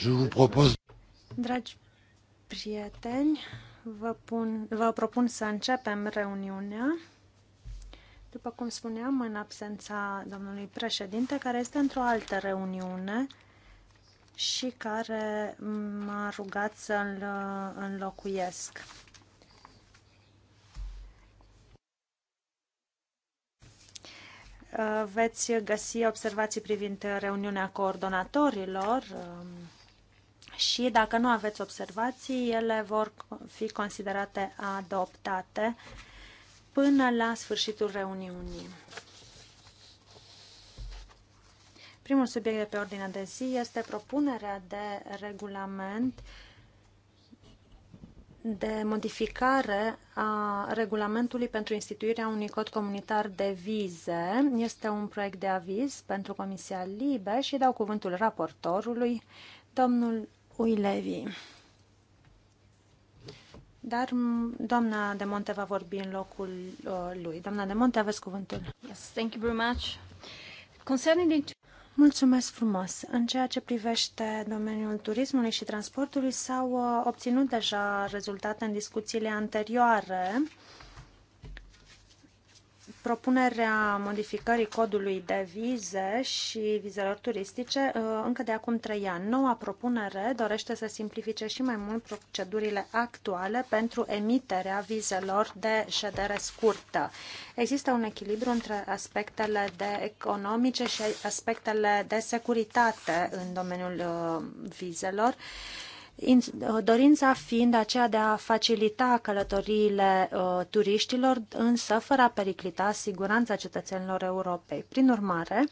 Je vous propose... Dragi prieteni, vă, pun, vă propun să începem reuniunea. După cum spuneam, în absența domnului președinte, care este într-o altă reuniune și care m-a rugat să-l uh, înlocuiesc. Uh, veți găsi observații privind reuniunea coordonatorilor um, și dacă nu aveți observații, ele vor fi considerate adoptate până la sfârșitul reuniunii. Primul subiect de pe ordinea de zi este propunerea de regulament de modificare a regulamentului pentru instituirea unui cod comunitar de vize. Este un proiect de aviz pentru Comisia Libe și dau cuvântul raportorului, domnul Levi. Dar doamna de Monte va vorbi în locul uh, lui. Doamna de Monte, aveți cuvântul. Yes, thank you very much. Concerning the... Mulțumesc frumos! În ceea ce privește domeniul turismului și transportului, s-au uh, obținut deja rezultate în discuțiile anterioare propunerea modificării codului de vize și vizelor turistice uh, încă de acum trei ani. Noua propunere dorește să simplifice și mai mult procedurile actuale pentru emiterea vizelor de ședere scurtă. Există un echilibru între aspectele de economice și aspectele de securitate în domeniul uh, vizelor dorința fiind aceea de a facilita călătoriile uh, turiștilor, însă fără a periclita siguranța cetățenilor Europei. Prin urmare,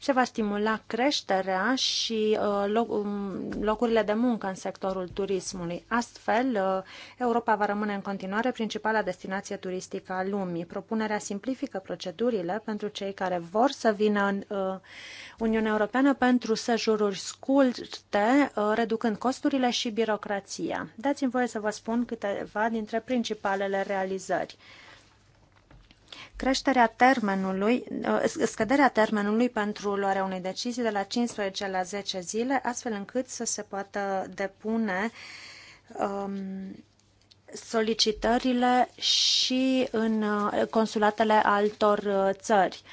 se va stimula creșterea și uh, loc, um, locurile de muncă în sectorul turismului. Astfel, uh, Europa va rămâne în continuare principala destinație turistică a lumii. Propunerea simplifică procedurile pentru cei care vor să vină în uh, Uniunea Europeană pentru sejururi scurte, uh, reducând costurile și birocrația. Dați-mi voie să vă spun câteva dintre principalele realizări creșterea termenului, uh, scăderea termenului pentru luarea unei decizii de la 15 la 10 zile, astfel încât să se poată depune um, solicitările și în uh, consulatele altor țări. Uh,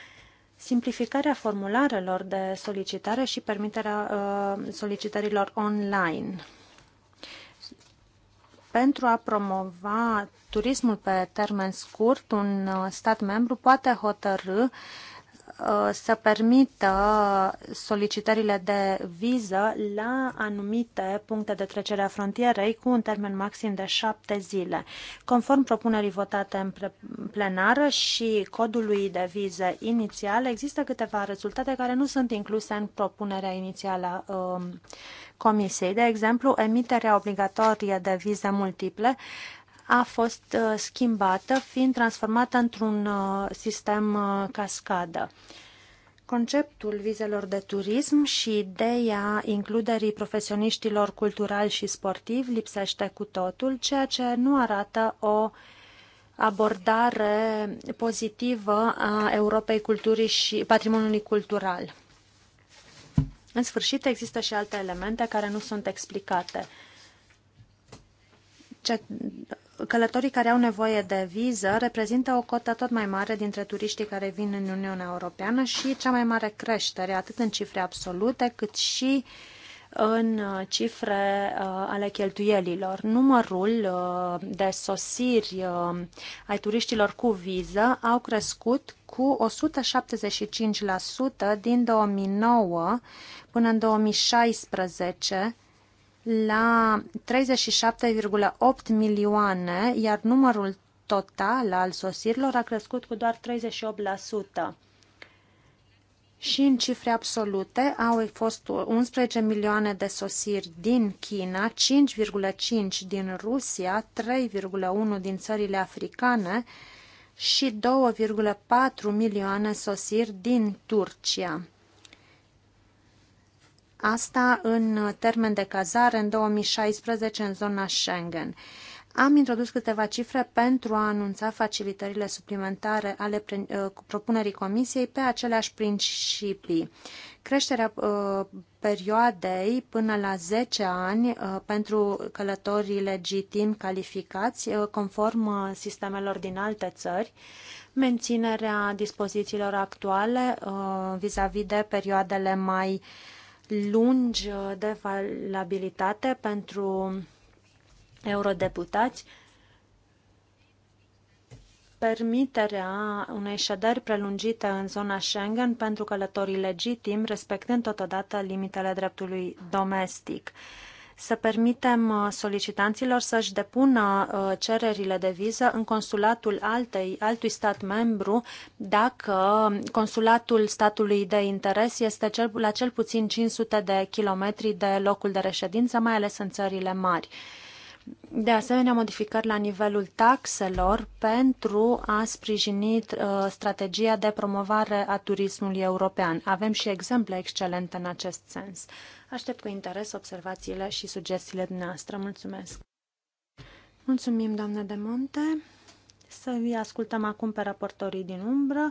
simplificarea formularelor de solicitare și permiterea uh, solicitărilor online pentru a promova turismul pe termen scurt, un uh, stat membru poate hotărâ Uh, să permită solicitările de viză la anumite puncte de trecere a frontierei cu un termen maxim de șapte zile. Conform propunerii votate în plenară și codului de vize inițial, există câteva rezultate care nu sunt incluse în propunerea inițială um, Comisiei. De exemplu, emiterea obligatorie de vize multiple a fost uh, schimbată, fiind transformată într-un uh, sistem uh, cascadă. Conceptul vizelor de turism și ideea includerii profesioniștilor culturali și sportivi lipsește cu totul, ceea ce nu arată o abordare pozitivă a Europei culturii și patrimoniului cultural. În sfârșit, există și alte elemente care nu sunt explicate. Ce călătorii care au nevoie de viză reprezintă o cotă tot mai mare dintre turiștii care vin în Uniunea Europeană și cea mai mare creștere, atât în cifre absolute, cât și în uh, cifre uh, ale cheltuielilor. Numărul uh, de sosiri uh, ai turiștilor cu viză au crescut cu 175% din 2009 până în 2016, la 37,8 milioane, iar numărul total al sosirilor a crescut cu doar 38%. Și în cifre absolute au fost 11 milioane de sosiri din China, 5,5 din Rusia, 3,1 din țările africane și 2,4 milioane sosiri din Turcia. Asta în termen de cazare în 2016 în zona Schengen. Am introdus câteva cifre pentru a anunța facilitările suplimentare ale uh, propunerii Comisiei pe aceleași principii. Creșterea uh, perioadei până la 10 ani uh, pentru călătorii legitim calificați conform sistemelor din alte țări, menținerea dispozițiilor actuale vis-a-vis -vis de perioadele mai uh, lungi uh, de valabilitate pentru eurodeputați, permiterea unei șederi prelungite în zona Schengen pentru călătorii legitimi, respectând totodată limitele dreptului domestic să permitem uh, solicitanților să-și depună uh, cererile de viză în consulatul altei, altui stat membru dacă consulatul statului de interes este cel, la cel puțin 500 de kilometri de locul de reședință, mai ales în țările mari de asemenea modificări la nivelul taxelor pentru a sprijini uh, strategia de promovare a turismului european. Avem și exemple excelente în acest sens. Aștept cu interes observațiile și sugestiile dumneavoastră. Mulțumesc! Mulțumim, doamnă de Monte. Să îi ascultăm acum pe raportorii din umbră.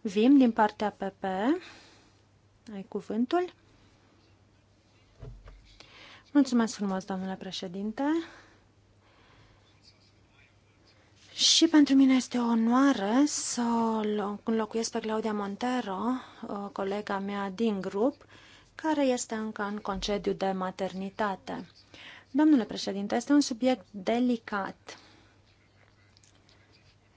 Vim din partea PP. Ai cuvântul? Mulțumesc frumos, domnule președinte. Și pentru mine este o onoare să înlocuiesc pe Claudia Montero, colega mea din grup, care este încă în concediu de maternitate. Domnule președinte, este un subiect delicat.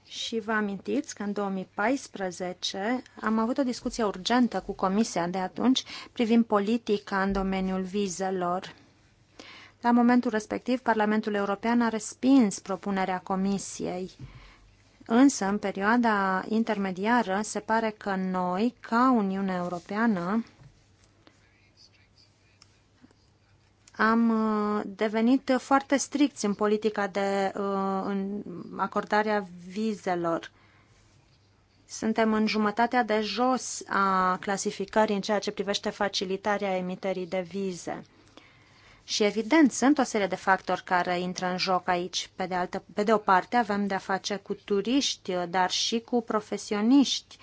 Și vă amintiți că în 2014 am avut o discuție urgentă cu Comisia de atunci privind politica în domeniul vizelor la momentul respectiv, Parlamentul European a respins propunerea Comisiei. Însă, în perioada intermediară, se pare că noi, ca Uniunea Europeană, am uh, devenit foarte stricți în politica de uh, în acordarea vizelor. Suntem în jumătatea de jos a clasificării în ceea ce privește facilitarea emiterii de vize. Și evident, sunt o serie de factori care intră în joc aici. Pe de, altă, pe de o parte, avem de-a face cu turiști, dar și cu profesioniști,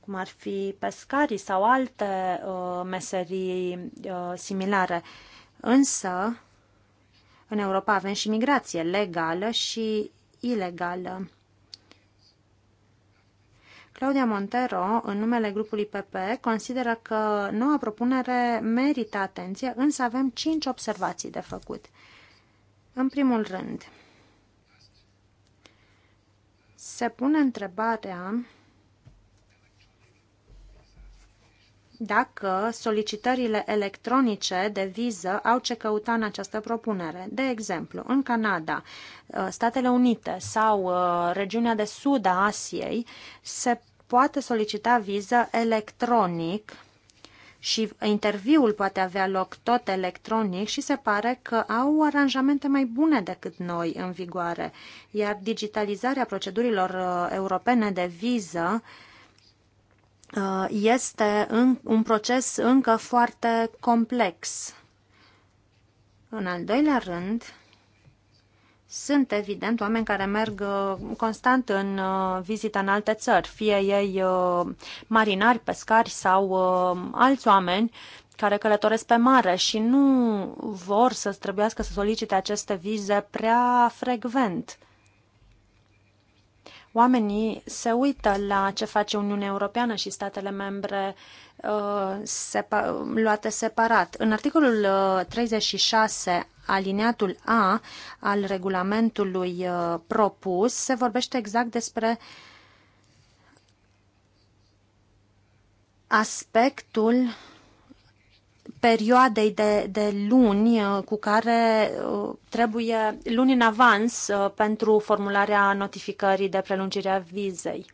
cum ar fi pescarii sau alte uh, meserii uh, similare. Însă, în Europa avem și migrație legală și ilegală. Claudia Montero, în numele grupului PP, consideră că noua propunere merită atenție, însă avem cinci observații de făcut. În primul rând, se pune întrebarea dacă solicitările electronice de viză au ce căuta în această propunere. De exemplu, în Canada, uh, Statele Unite sau uh, regiunea de sud a Asiei se poate solicita viză electronic și interviul poate avea loc tot electronic și se pare că au aranjamente mai bune decât noi în vigoare, iar digitalizarea procedurilor uh, europene de viză uh, Uh, este un proces încă foarte complex. În al doilea rând, sunt evident oameni care merg uh, constant în uh, vizită în alte țări, fie ei marinari, pescari sau alți oameni care călătoresc pe mare și nu vor să trebuiască să solicite aceste vize prea frecvent. Oamenii se uită la ce face Uniunea Europeană și statele membre uh, sepa- luate separat. În articolul 36, uh, aliniatul A al regulamentului uh, propus, se vorbește exact despre aspectul uh, perioadei de, de luni uh, cu care uh, trebuie luni în avans uh, pentru formularea notificării de prelungire a vizei.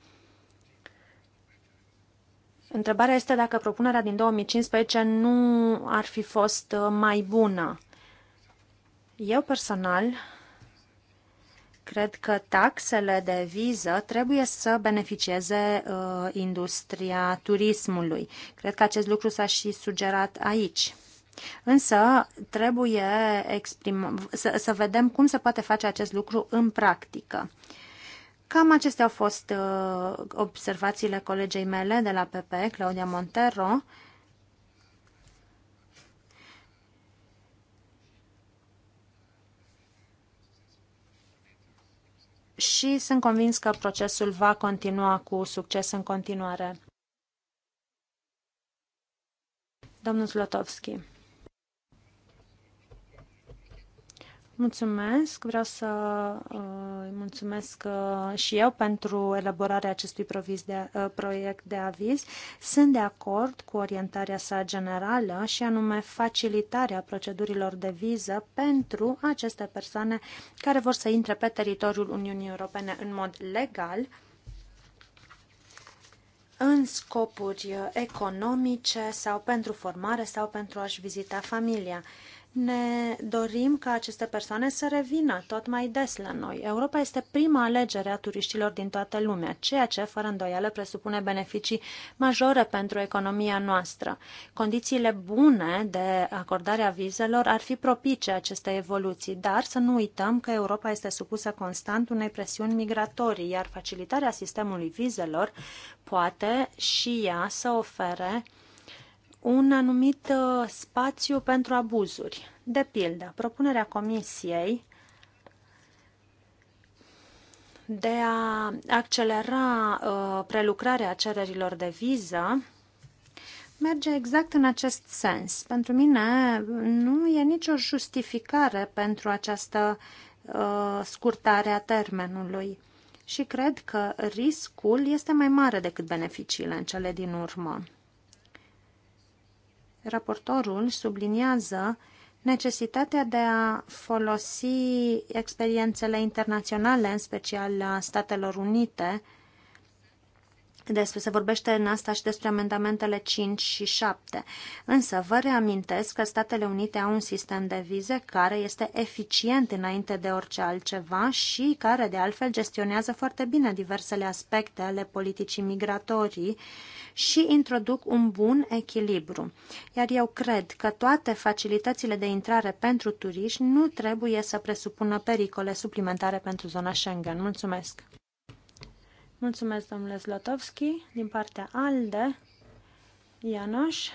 Întrebarea este dacă propunerea din 2015 nu ar fi fost mai bună. Eu personal Cred că taxele de viză trebuie să beneficieze uh, industria turismului. Cred că acest lucru s-a și sugerat aici. Însă trebuie exprim- să, să vedem cum se poate face acest lucru în practică. Cam acestea au fost uh, observațiile colegei mele de la PP, Claudia Montero. Uh, și sunt convins că procesul va continua cu succes în continuare. Domnul Zlotovski. Mulțumesc, vreau să uh, îi mulțumesc uh, și eu pentru elaborarea acestui de, uh, proiect de aviz. Sunt de acord cu orientarea sa generală și anume facilitarea procedurilor de viză pentru aceste persoane care vor să intre pe teritoriul Uniunii Europene în mod legal în scopuri economice sau pentru formare sau pentru a-și vizita familia ne dorim ca aceste persoane să revină tot mai des la noi. Europa este prima alegere a turiștilor din toată lumea, ceea ce, fără îndoială, presupune beneficii majore pentru economia noastră. Condițiile bune de acordare a vizelor ar fi propice acestei evoluții, dar să nu uităm că Europa este supusă constant unei presiuni migratorii, iar facilitarea sistemului vizelor poate și ea să ofere un anumit uh, spațiu pentru abuzuri. De pildă, propunerea Comisiei de a accelera uh, prelucrarea cererilor de viză merge exact în acest sens. Pentru mine nu e nicio justificare pentru această uh, scurtare a termenului și cred că riscul este mai mare decât beneficiile în cele din urmă raportorul subliniază necesitatea de a folosi experiențele internaționale, în special a Statelor Unite, despre, se vorbește în asta și despre amendamentele 5 și 7. Însă vă reamintesc că Statele Unite au un sistem de vize care este eficient înainte de orice altceva și care, de altfel, gestionează foarte bine diversele aspecte ale politicii migratorii și introduc un bun echilibru. Iar eu cred că toate facilitățile de intrare pentru turiști nu trebuie să presupună pericole suplimentare pentru zona Schengen. Mulțumesc! Mulțumesc, domnule Zlotovski. Din partea ALDE, Ianoș.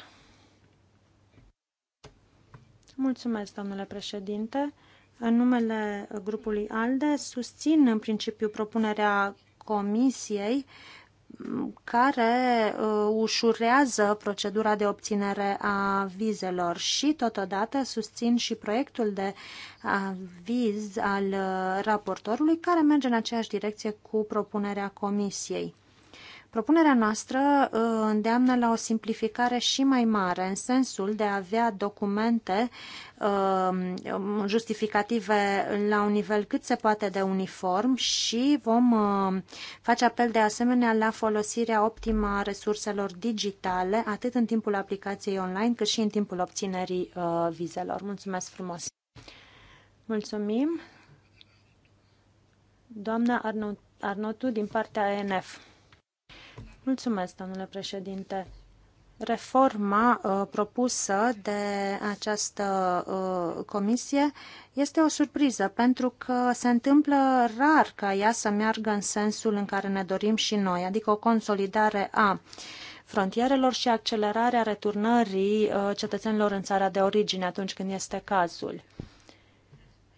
Mulțumesc, domnule președinte. În numele grupului ALDE susțin în principiu propunerea Comisiei care uh, ușurează procedura de obținere a vizelor și totodată susțin și proiectul de viz al uh, raportorului care merge în aceeași direcție cu propunerea comisiei. Propunerea noastră uh, îndeamnă la o simplificare și mai mare, în sensul de a avea documente uh, justificative la un nivel cât se poate de uniform și vom uh, face apel de asemenea la folosirea optimă a resurselor digitale, atât în timpul aplicației online, cât și în timpul obținerii vizelor. Mulțumesc frumos! Mulțumim! Doamna Arnotu, din partea ENF. Mulțumesc, domnule președinte. Reforma uh, propusă de această uh, comisie este o surpriză pentru că se întâmplă rar ca ea să meargă în sensul în care ne dorim și noi, adică o consolidare a frontierelor și accelerarea returnării uh, cetățenilor în țara de origine atunci când este cazul. Uh,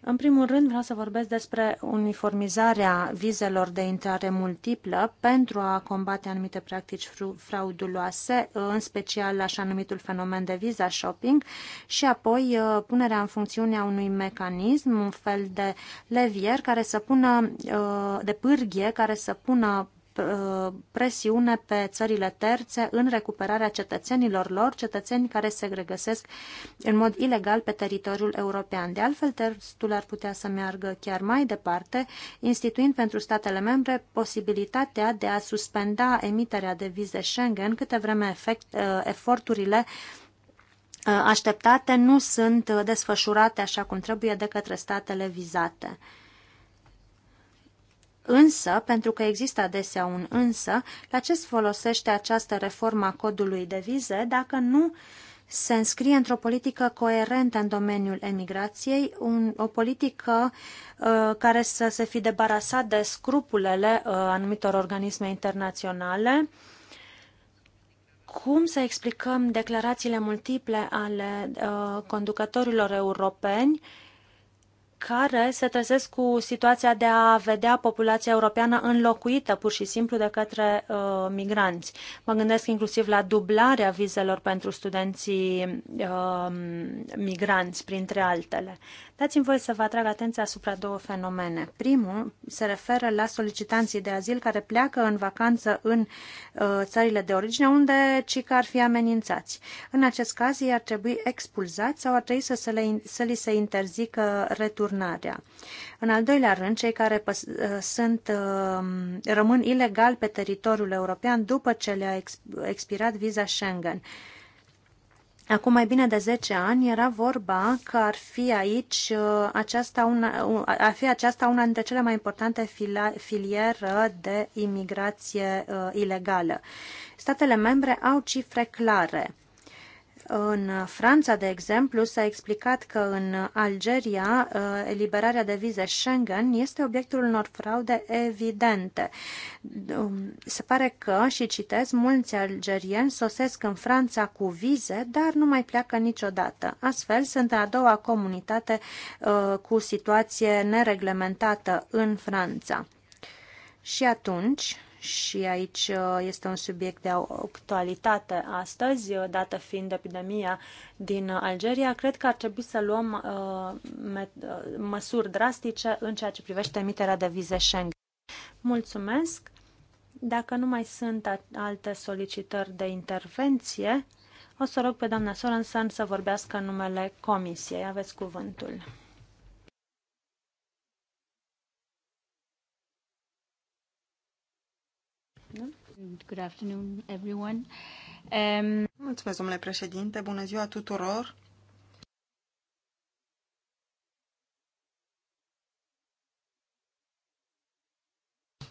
în primul rând vreau să vorbesc despre uniformizarea vizelor de intrare multiplă pentru a combate anumite practici frauduloase, în special așa numitul fenomen de visa shopping și apoi uh, punerea în funcțiune a unui mecanism, un fel de levier care să pună, uh, de pârghie care să pună Uh, presiune pe țările terțe în recuperarea cetățenilor lor, cetățeni care se regăsesc în mod ilegal pe teritoriul european. De altfel, testul ar putea să meargă chiar mai departe, instituind pentru statele membre posibilitatea de a suspenda emiterea de vize Schengen câte vreme efect, uh, eforturile uh, așteptate nu sunt desfășurate așa cum trebuie de către statele vizate. Însă, pentru că există adesea un însă, la ce folosește această reformă a codului de vize dacă nu se înscrie într-o politică coerentă în domeniul emigrației, un, o politică uh, care să se fi debarasat de scrupulele uh, anumitor organisme internaționale. Cum să explicăm declarațiile multiple ale uh, conducătorilor europeni uh, care se trezesc cu situația de a vedea populația europeană înlocuită pur și simplu de către uh, migranți. Mă gândesc inclusiv la dublarea vizelor pentru studenții uh, migranți, printre altele. Dați-mi voi să vă atrag atenția asupra două fenomene. Primul se referă la solicitanții de azil care pleacă în vacanță în uh, țările de origine, unde ci că ar fi amenințați. În acest caz, ei ar trebui expulzați sau ar trebui să, se le, să li se interzică retur returnarea. În al doilea rând, cei care uh, sunt, uh, rămân ilegal pe teritoriul european după ce le-a expirat viza Schengen. Acum mai bine de 10 ani era vorba că ar fi aici uh, aceasta una, ar fi aceasta una dintre cele mai importante filieră de imigrație uh, ilegală. Statele membre au cifre clare în Franța, de exemplu, s-a explicat că în Algeria uh, eliberarea de vize Schengen este obiectul unor fraude evidente. Um, se pare că, și citez, mulți algerieni sosesc în Franța cu vize, dar nu mai pleacă niciodată. Astfel, sunt a doua comunitate uh, cu situație nereglementată în Franța. Și atunci, și aici uh, este un subiect de actualitate astăzi, uh, dată fiind epidemia din Algeria, cred că ar trebui să luăm uh, măsuri drastice în ceea ce privește emiterea de vize Schengen. Mulțumesc! Dacă nu mai sunt alte solicitări de intervenție, o să rog pe doamna Sorensen să vorbească în numele Comisiei. Aveți cuvântul. Good afternoon, everyone. Um... Mulțumesc, domnule președinte. Bună ziua tuturor.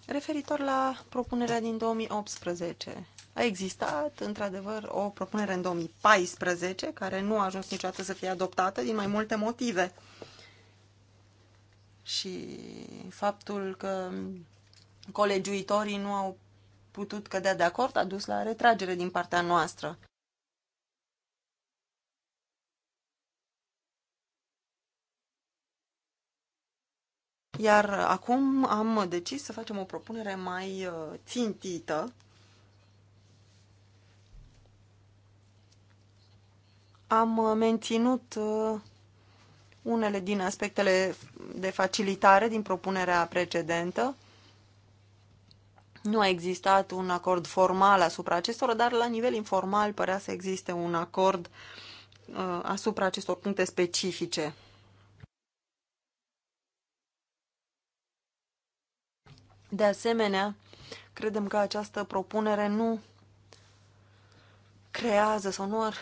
Referitor la propunerea din 2018, a existat, într-adevăr, o propunere în 2014 care nu a ajuns niciodată să fie adoptată din mai multe motive. Și faptul că colegiuitorii nu au putut cădea de acord a dus la retragere din partea noastră. Iar acum am decis să facem o propunere mai uh, țintită. Am uh, menținut uh, unele din aspectele de facilitare din propunerea precedentă, nu a existat un acord formal asupra acestor, dar la nivel informal părea să existe un acord uh, asupra acestor puncte specifice. De asemenea, credem că această propunere nu creează sau nu ar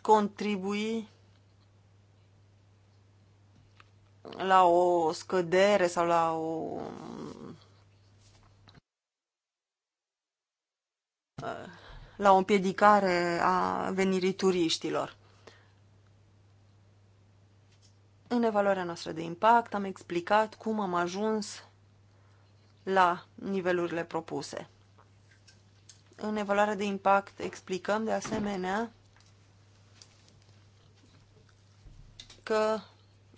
contribui la o scădere sau la o Uh, la o împiedicare a venirii turiștilor. În evaluarea noastră de impact am explicat cum am ajuns la nivelurile propuse. În evaluarea de impact explicăm de asemenea că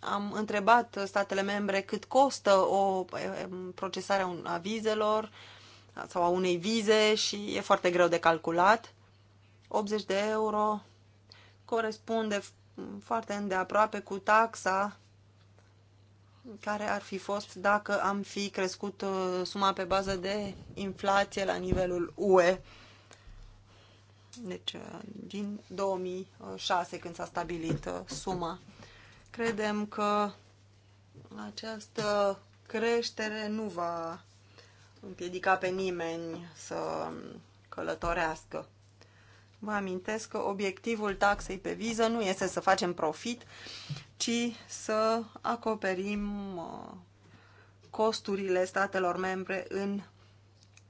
am întrebat statele membre cât costă o procesare a vizelor, sau a unei vize și e foarte greu de calculat. 80 de euro corespunde foarte îndeaproape cu taxa care ar fi fost dacă am fi crescut uh, suma pe bază de inflație la nivelul UE. Deci uh, din 2006 când s-a stabilit uh, suma. Credem că această creștere nu va împiedica pe nimeni să călătorească. Vă amintesc că obiectivul taxei pe viză nu este să facem profit, ci să acoperim uh, costurile statelor membre în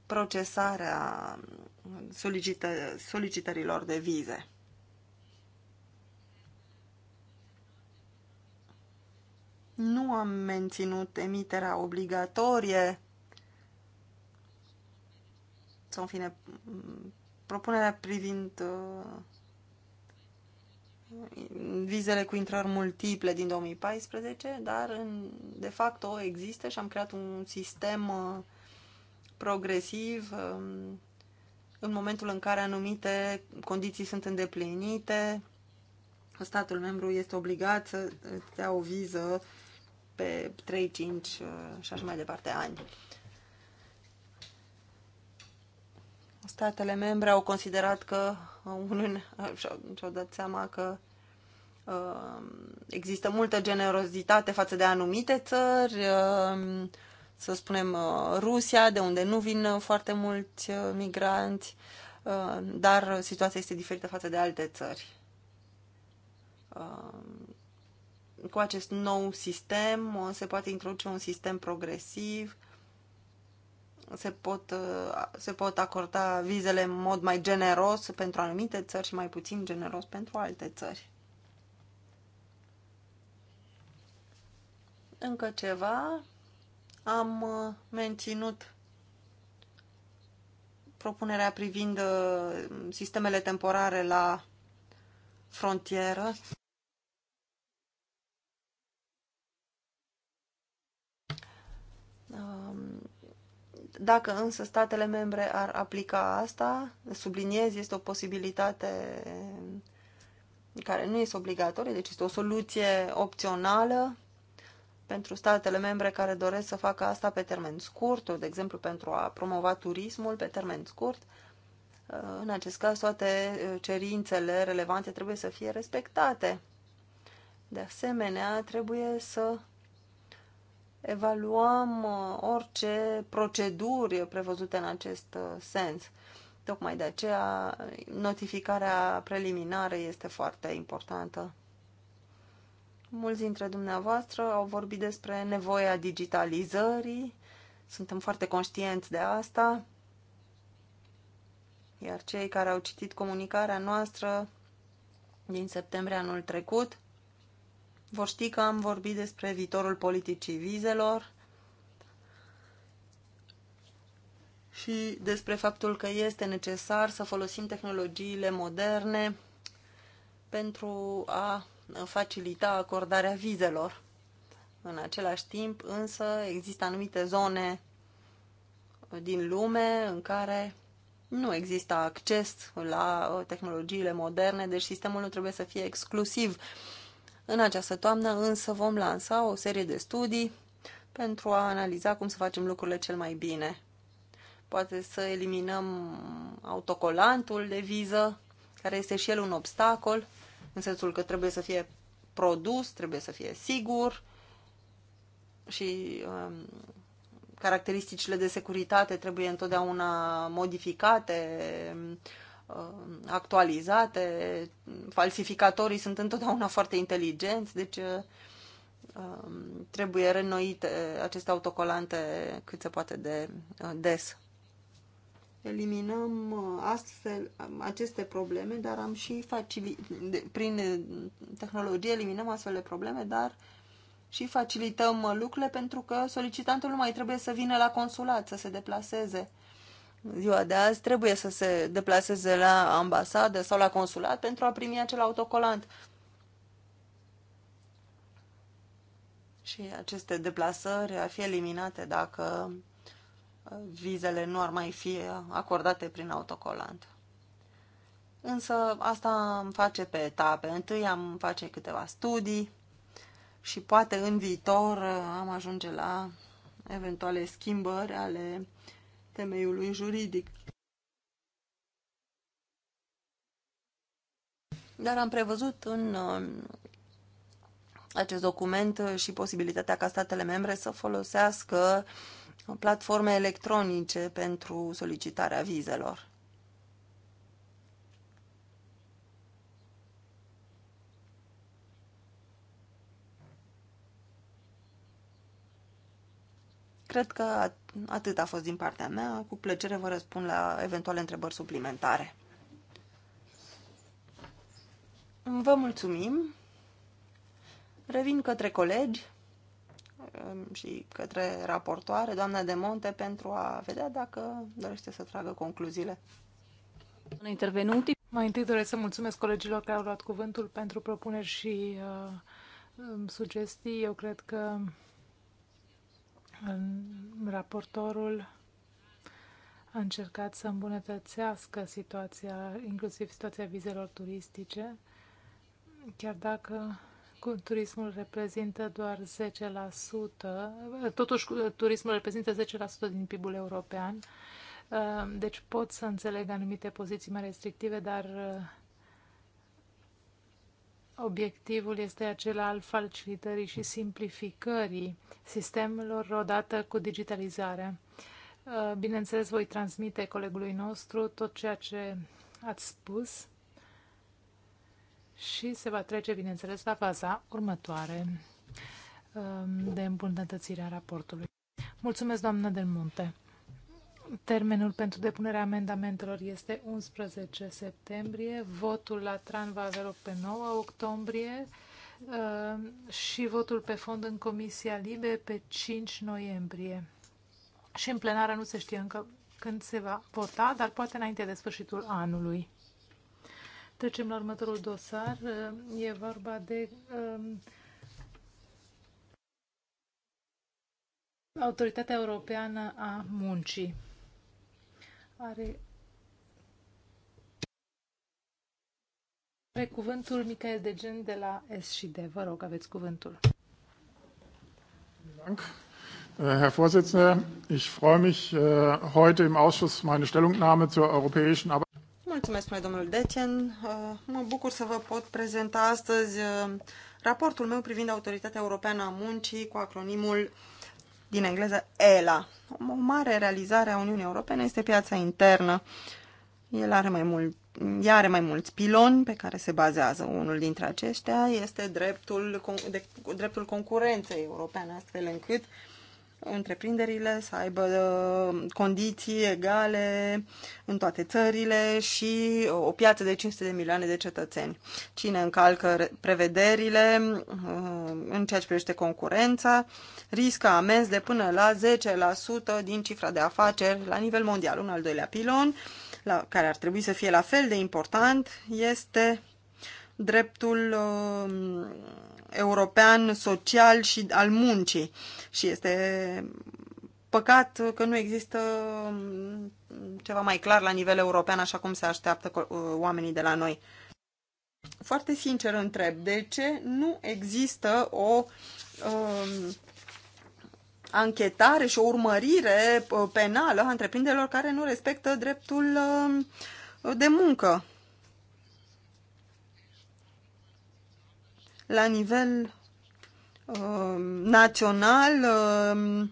procesarea solicită solicitărilor de vize. Nu am menținut emiterea obligatorie sau în fine propunerea privind uh, vizele cu intrări multiple din 2014, dar în, de fapt o există și am creat un sistem uh, progresiv um, în momentul în care anumite condiții sunt îndeplinite, statul membru este obligat să dea o viză pe 3, 5 uh, și așa mai departe ani. statele membre au considerat că unul și-au dat seama că um, există multă generozitate față de anumite țări, um, să spunem uh, Rusia, de unde nu vin uh, foarte mulți uh, migranți, dar situația este diferită față de alte țări. Um, cu acest nou sistem se poate introduce un sistem progresiv se pot, uh, se pot acorda vizele în mod mai generos pentru anumite țări și mai puțin generos pentru alte țări. Încă ceva. Am uh, menținut propunerea privind uh, sistemele temporare la frontieră. Um, dacă însă statele membre ar aplica asta, subliniez, este o posibilitate care nu este obligatorie, deci este o soluție opțională pentru statele membre care doresc să facă asta pe termen scurt, de exemplu pentru a promova turismul pe termen scurt. În acest caz, toate uh, cerințele relevante trebuie să fie respectate. De asemenea, trebuie să evaluăm uh, orice proceduri prevăzute în acest uh, sens. Tocmai de aceea notificarea preliminară este foarte importantă. Mulți dintre dumneavoastră au vorbit despre nevoia digitalizării. Suntem foarte conștienți de asta. Iar cei care au citit comunicarea noastră din septembrie anul trecut vor ști că am vorbit despre viitorul politicii vizelor și despre faptul că este necesar să folosim tehnologiile moderne pentru a facilita acordarea vizelor. În același timp, însă, există anumite zone din lume în care nu există acces la uh, tehnologiile moderne, deci sistemul nu trebuie să fie exclusiv uh, în această toamnă însă vom lansa o serie de studii pentru a analiza cum să facem lucrurile cel mai bine. Poate să eliminăm autocolantul de viză, care este și el un obstacol, în sensul că trebuie să fie produs, trebuie să fie sigur și um, caracteristicile de securitate trebuie întotdeauna modificate, um, Uh, actualizate, falsificatorii sunt întotdeauna foarte inteligenți, deci uh, um, trebuie renoite aceste autocolante cât se poate de uh, des. Eliminăm astfel um, aceste probleme, dar am și facili... prin tehnologie eliminăm astfel de probleme, dar și facilităm lucrurile pentru că solicitantul nu mai trebuie să vină la consulat, să se deplaseze ziua de azi trebuie să se deplaseze la ambasadă sau la consulat pentru a primi acel autocolant. Și aceste deplasări ar fi eliminate dacă uh, vizele nu ar mai fi acordate prin autocolant. Însă asta îmi face pe etape. Întâi am face câteva studii și poate în viitor uh, am ajunge la eventuale schimbări ale uh, temeiului juridic. Dar am prevăzut în acest document și posibilitatea ca statele membre să folosească platforme electronice pentru solicitarea vizelor. Cred că atât a fost din partea mea. Cu plăcere vă răspund la eventuale întrebări suplimentare. Vă mulțumim. Revin către colegi um, și către raportoare, doamna de Monte, pentru a vedea dacă dorește să tragă concluziile. Intervenuti. Mai întâi doresc să mulțumesc colegilor care au luat cuvântul pentru propuneri și uh, um, sugestii. Eu cred că Raportorul a încercat să îmbunătățească situația, inclusiv situația vizelor turistice, chiar dacă turismul reprezintă doar 10%, totuși turismul reprezintă 10% din PIB-ul european, deci pot să înțeleg anumite poziții mai restrictive, dar obiectivul este acela al facilitării și simplificării sistemelor odată cu digitalizarea. Uh, bineînțeles, voi transmite colegului nostru tot ceea ce ați spus și se va trece, bineînțeles, la faza următoare uh, de îmbunătățire a raportului. Mulțumesc, doamnă Del Munte. Termenul pentru depunerea amendamentelor este 11 septembrie. Votul la TRAN va avea loc pe 9 octombrie uh, și votul pe fond în Comisia Libe pe 5 noiembrie. Și în plenară nu se știe încă când se va vota, dar poate înainte de sfârșitul anului. Trecem la următorul dosar. Uh, e vorba de um, Autoritatea Europeană a Muncii. Are, are cuvântul Michael de Gen de la S și D. Vă rog, aveți cuvântul. Dank. Äh, Herr Vorsitzender, ich freue mich, äh, heute im Ausschuss meine Stellungnahme zur europäischen Arbeit. Mulțumesc, domnul Decen. Äh, mă bucur să vă pot prezenta astăzi raportul meu privind Autoritatea Europeană a Muncii cu acronimul din engleză ELA. O mare realizare a Uniunii Europene este piața internă. El are mai mult, ea are mai mulți piloni pe care se bazează. Unul dintre aceștia este dreptul, de, dreptul concurenței europene astfel încât întreprinderile să aibă uh, condiții egale în toate țările și o piață de 500 de milioane de cetățeni. Cine încalcă prevederile uh, în ceea ce privește concurența, riscă amenzi de până la 10% din cifra de afaceri la nivel mondial. Un al doilea pilon, la care ar trebui să fie la fel de important, este dreptul uh, european social și al muncii. Și este păcat că nu există mm, ceva mai clar la nivel european, așa cum se așteaptă uh, oamenii de la noi. Foarte sincer întreb, de ce nu există o um, anchetare și o urmărire uh, penală a întreprinderilor care nu respectă dreptul um, de muncă? la nivel uh, național uh,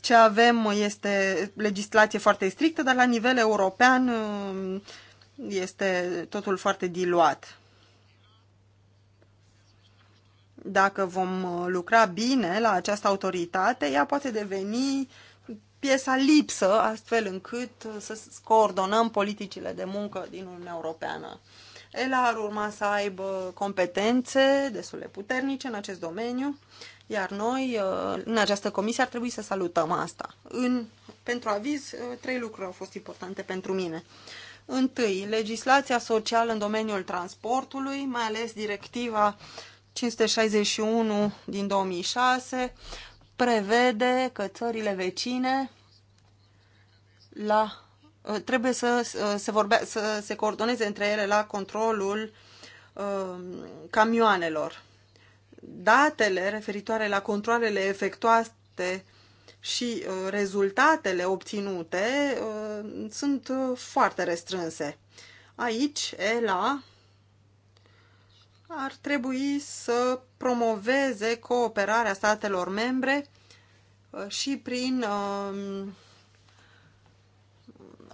ce avem este legislație foarte strictă, dar la nivel european uh, este totul foarte diluat. Dacă vom lucra bine la această autoritate, ea poate deveni piesa lipsă, astfel încât să coordonăm politicile de muncă din Uniunea Europeană. El ar urma să aibă competențe destul de puternice în acest domeniu, iar noi, uh, în această comisie, ar trebui să salutăm asta. În, pentru aviz, uh, trei lucruri au fost importante pentru mine. Întâi, legislația socială în domeniul transportului, mai ales directiva 561 din 2006, prevede că țările vecine la Uh, trebuie să, uh, se vorbea, să se coordoneze între ele la controlul uh, camioanelor. Datele referitoare la controlele efectuate și rezultatele obținute sunt foarte restrânse. Aici, ELA ar trebui să promoveze cooperarea statelor membre și prin uh,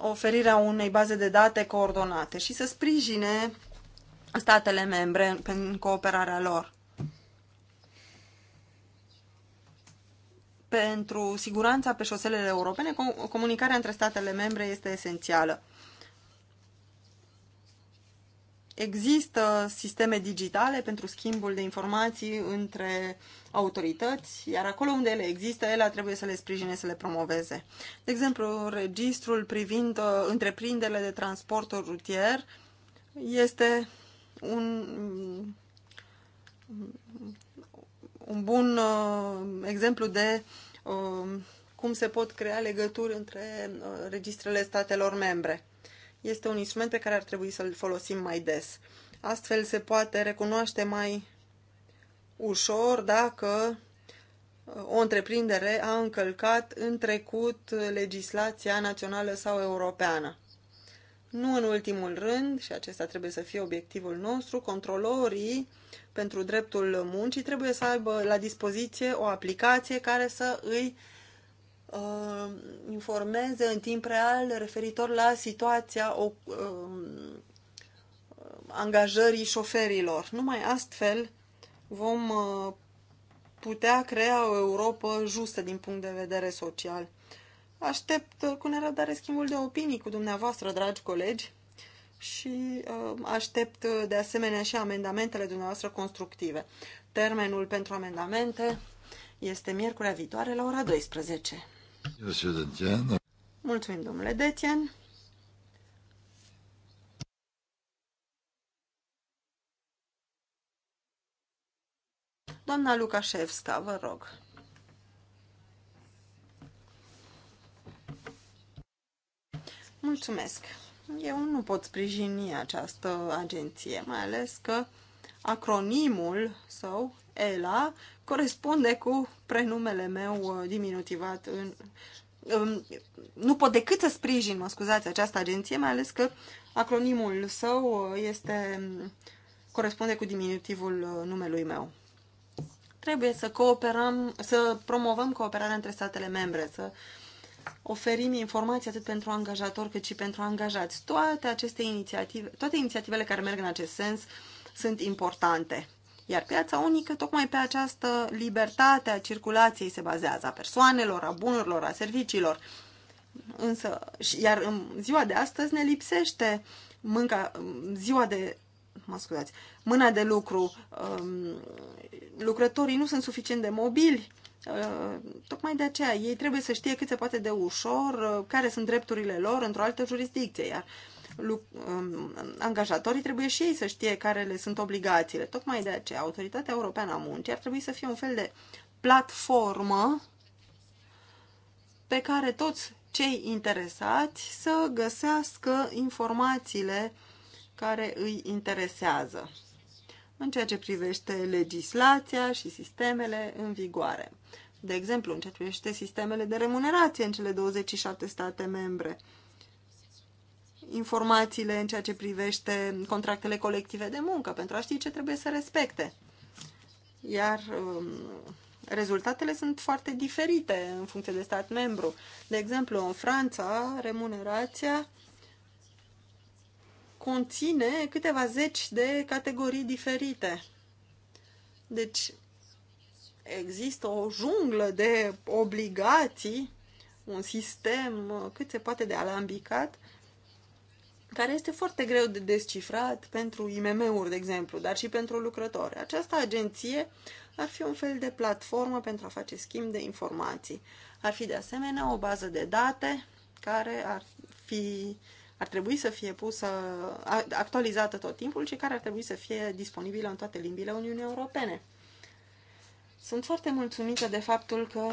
oferirea unei baze de date coordonate și să sprijine statele membre în cooperarea lor. Pentru siguranța pe șoselele europene, comunicarea între statele membre este esențială. Există sisteme digitale pentru schimbul de informații între autorități, iar acolo unde ele există, ele trebuie să le sprijine, să le promoveze. De exemplu, registrul privind uh, întreprinderile de transport rutier este un, un bun uh, exemplu de uh, cum se pot crea legături între uh, registrele statelor membre este un instrument pe care ar trebui să-l folosim mai des. Astfel se poate recunoaște mai ușor dacă uh, o întreprindere a încălcat în trecut legislația națională sau europeană. Nu în ultimul rând, și acesta trebuie să fie obiectivul nostru, controlorii pentru dreptul muncii trebuie să aibă la dispoziție o aplicație care să îi uh, informeze în timp real referitor la situația o, uh, angajării șoferilor. Numai astfel vom uh, putea crea o Europa justă din punct de vedere social. Aștept uh, cu nerăbdare schimbul de opinii cu dumneavoastră, dragi colegi, și uh, aștept uh, de asemenea și amendamentele dumneavoastră constructive. Termenul pentru amendamente este miercurea viitoare la ora 12. Mulțumim, domnule Detian. Doamna Lukașevska, vă rog. Mulțumesc. Eu nu pot sprijini această agenție, mai ales că acronimul său Ela corespunde cu prenumele meu uh, diminutivat în um, nu pot decât să sprijin, mă scuzați, această agenție, mai ales că acronimul său uh, este, um, corespunde cu diminutivul uh, numelui meu. Trebuie să cooperăm, să promovăm cooperarea între statele membre, să oferim informații atât pentru angajator cât și pentru angajați. Toate aceste inițiative, toate inițiativele care merg în acest sens sunt importante. Iar piața unică, tocmai pe această libertate a circulației se bazează, a persoanelor, a bunurilor, a serviciilor. Însă, iar în ziua de astăzi ne lipsește mânca, ziua de mă scuzați, mâna de lucru, um, lucrătorii nu sunt suficient de mobili, uh, tocmai de aceea ei trebuie să știe cât se poate de ușor uh, care sunt drepturile lor într-o altă jurisdicție, iar Um, angajatorii trebuie și ei să știe care le sunt obligațiile. Tocmai de aceea, Autoritatea Europeană a Muncii ar trebui să fie un fel de platformă pe care toți cei interesați să găsească informațiile care îi interesează în ceea ce privește legislația și sistemele în vigoare. De exemplu, în ceea ce privește sistemele de remunerație în cele 27 state membre informațiile în ceea ce privește contractele colective de muncă, pentru a ști ce trebuie să respecte. Iar um, rezultatele sunt foarte diferite în funcție de stat membru. De exemplu, în Franța, remunerația conține câteva zeci de categorii diferite. Deci, există o junglă de obligații, un sistem cât se poate de alambicat, care este foarte greu de descifrat pentru IMM-uri, de exemplu, dar și pentru lucrători. Această agenție ar fi un fel de platformă pentru a face schimb de informații. Ar fi de asemenea o bază de date care ar, fi, ar trebui să fie pusă, actualizată tot timpul și care ar trebui să fie disponibilă în toate limbile Uniunii Europene. Sunt foarte mulțumită de faptul că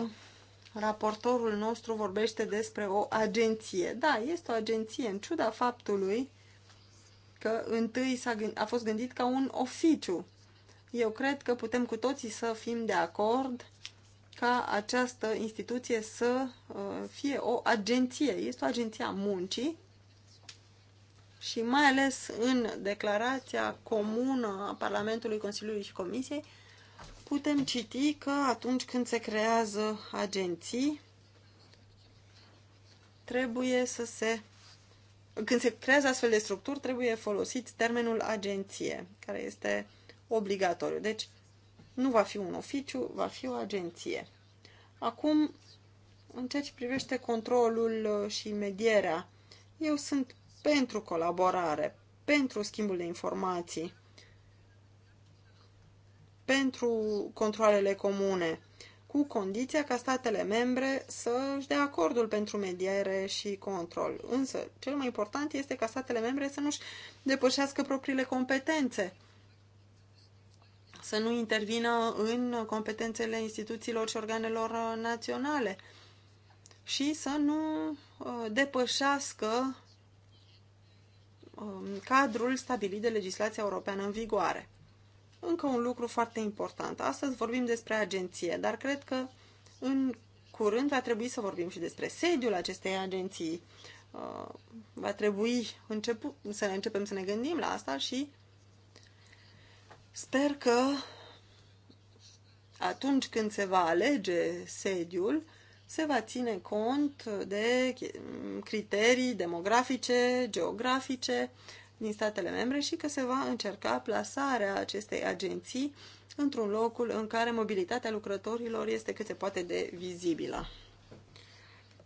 raportorul nostru vorbește despre o agenție. Da, este o agenție, în ciuda faptului că întâi a gând, a fost gândit ca un oficiu. Eu cred că putem cu toții să fim de acord ca această instituție să uh, fie o agenție. Este o agenție a muncii și mai ales în declarația comună a Parlamentului, Consiliului și Comisiei putem citi că atunci când se creează agenții, trebuie să se... Când se creează astfel de structuri, trebuie folosit termenul agenție, care este obligatoriu. Deci, nu va fi un oficiu, va fi o agenție. Acum, în ceea ce privește controlul uh, și medierea, eu sunt pentru colaborare, pentru schimbul de informații pentru controlele comune, cu condiția ca statele membre să și dea acordul pentru mediere și control. Însă, cel mai important este ca statele membre să nu-și depășească propriile competențe, să nu intervină în competențele instituțiilor și organelor naționale și să nu uh, depășească um, cadrul stabilit de legislația europeană în vigoare. Încă un lucru foarte important. Astăzi vorbim despre agenție, dar cred că în curând va trebui să vorbim și despre sediul acestei agenții. Uh, va trebui începu- să ne începem să ne gândim la asta și sper că atunci când se va alege sediul, se va ține cont de criterii demografice, geografice, din statele membre și că se va încerca plasarea acestei agenții într-un locul în care mobilitatea lucrătorilor este cât se poate de vizibilă.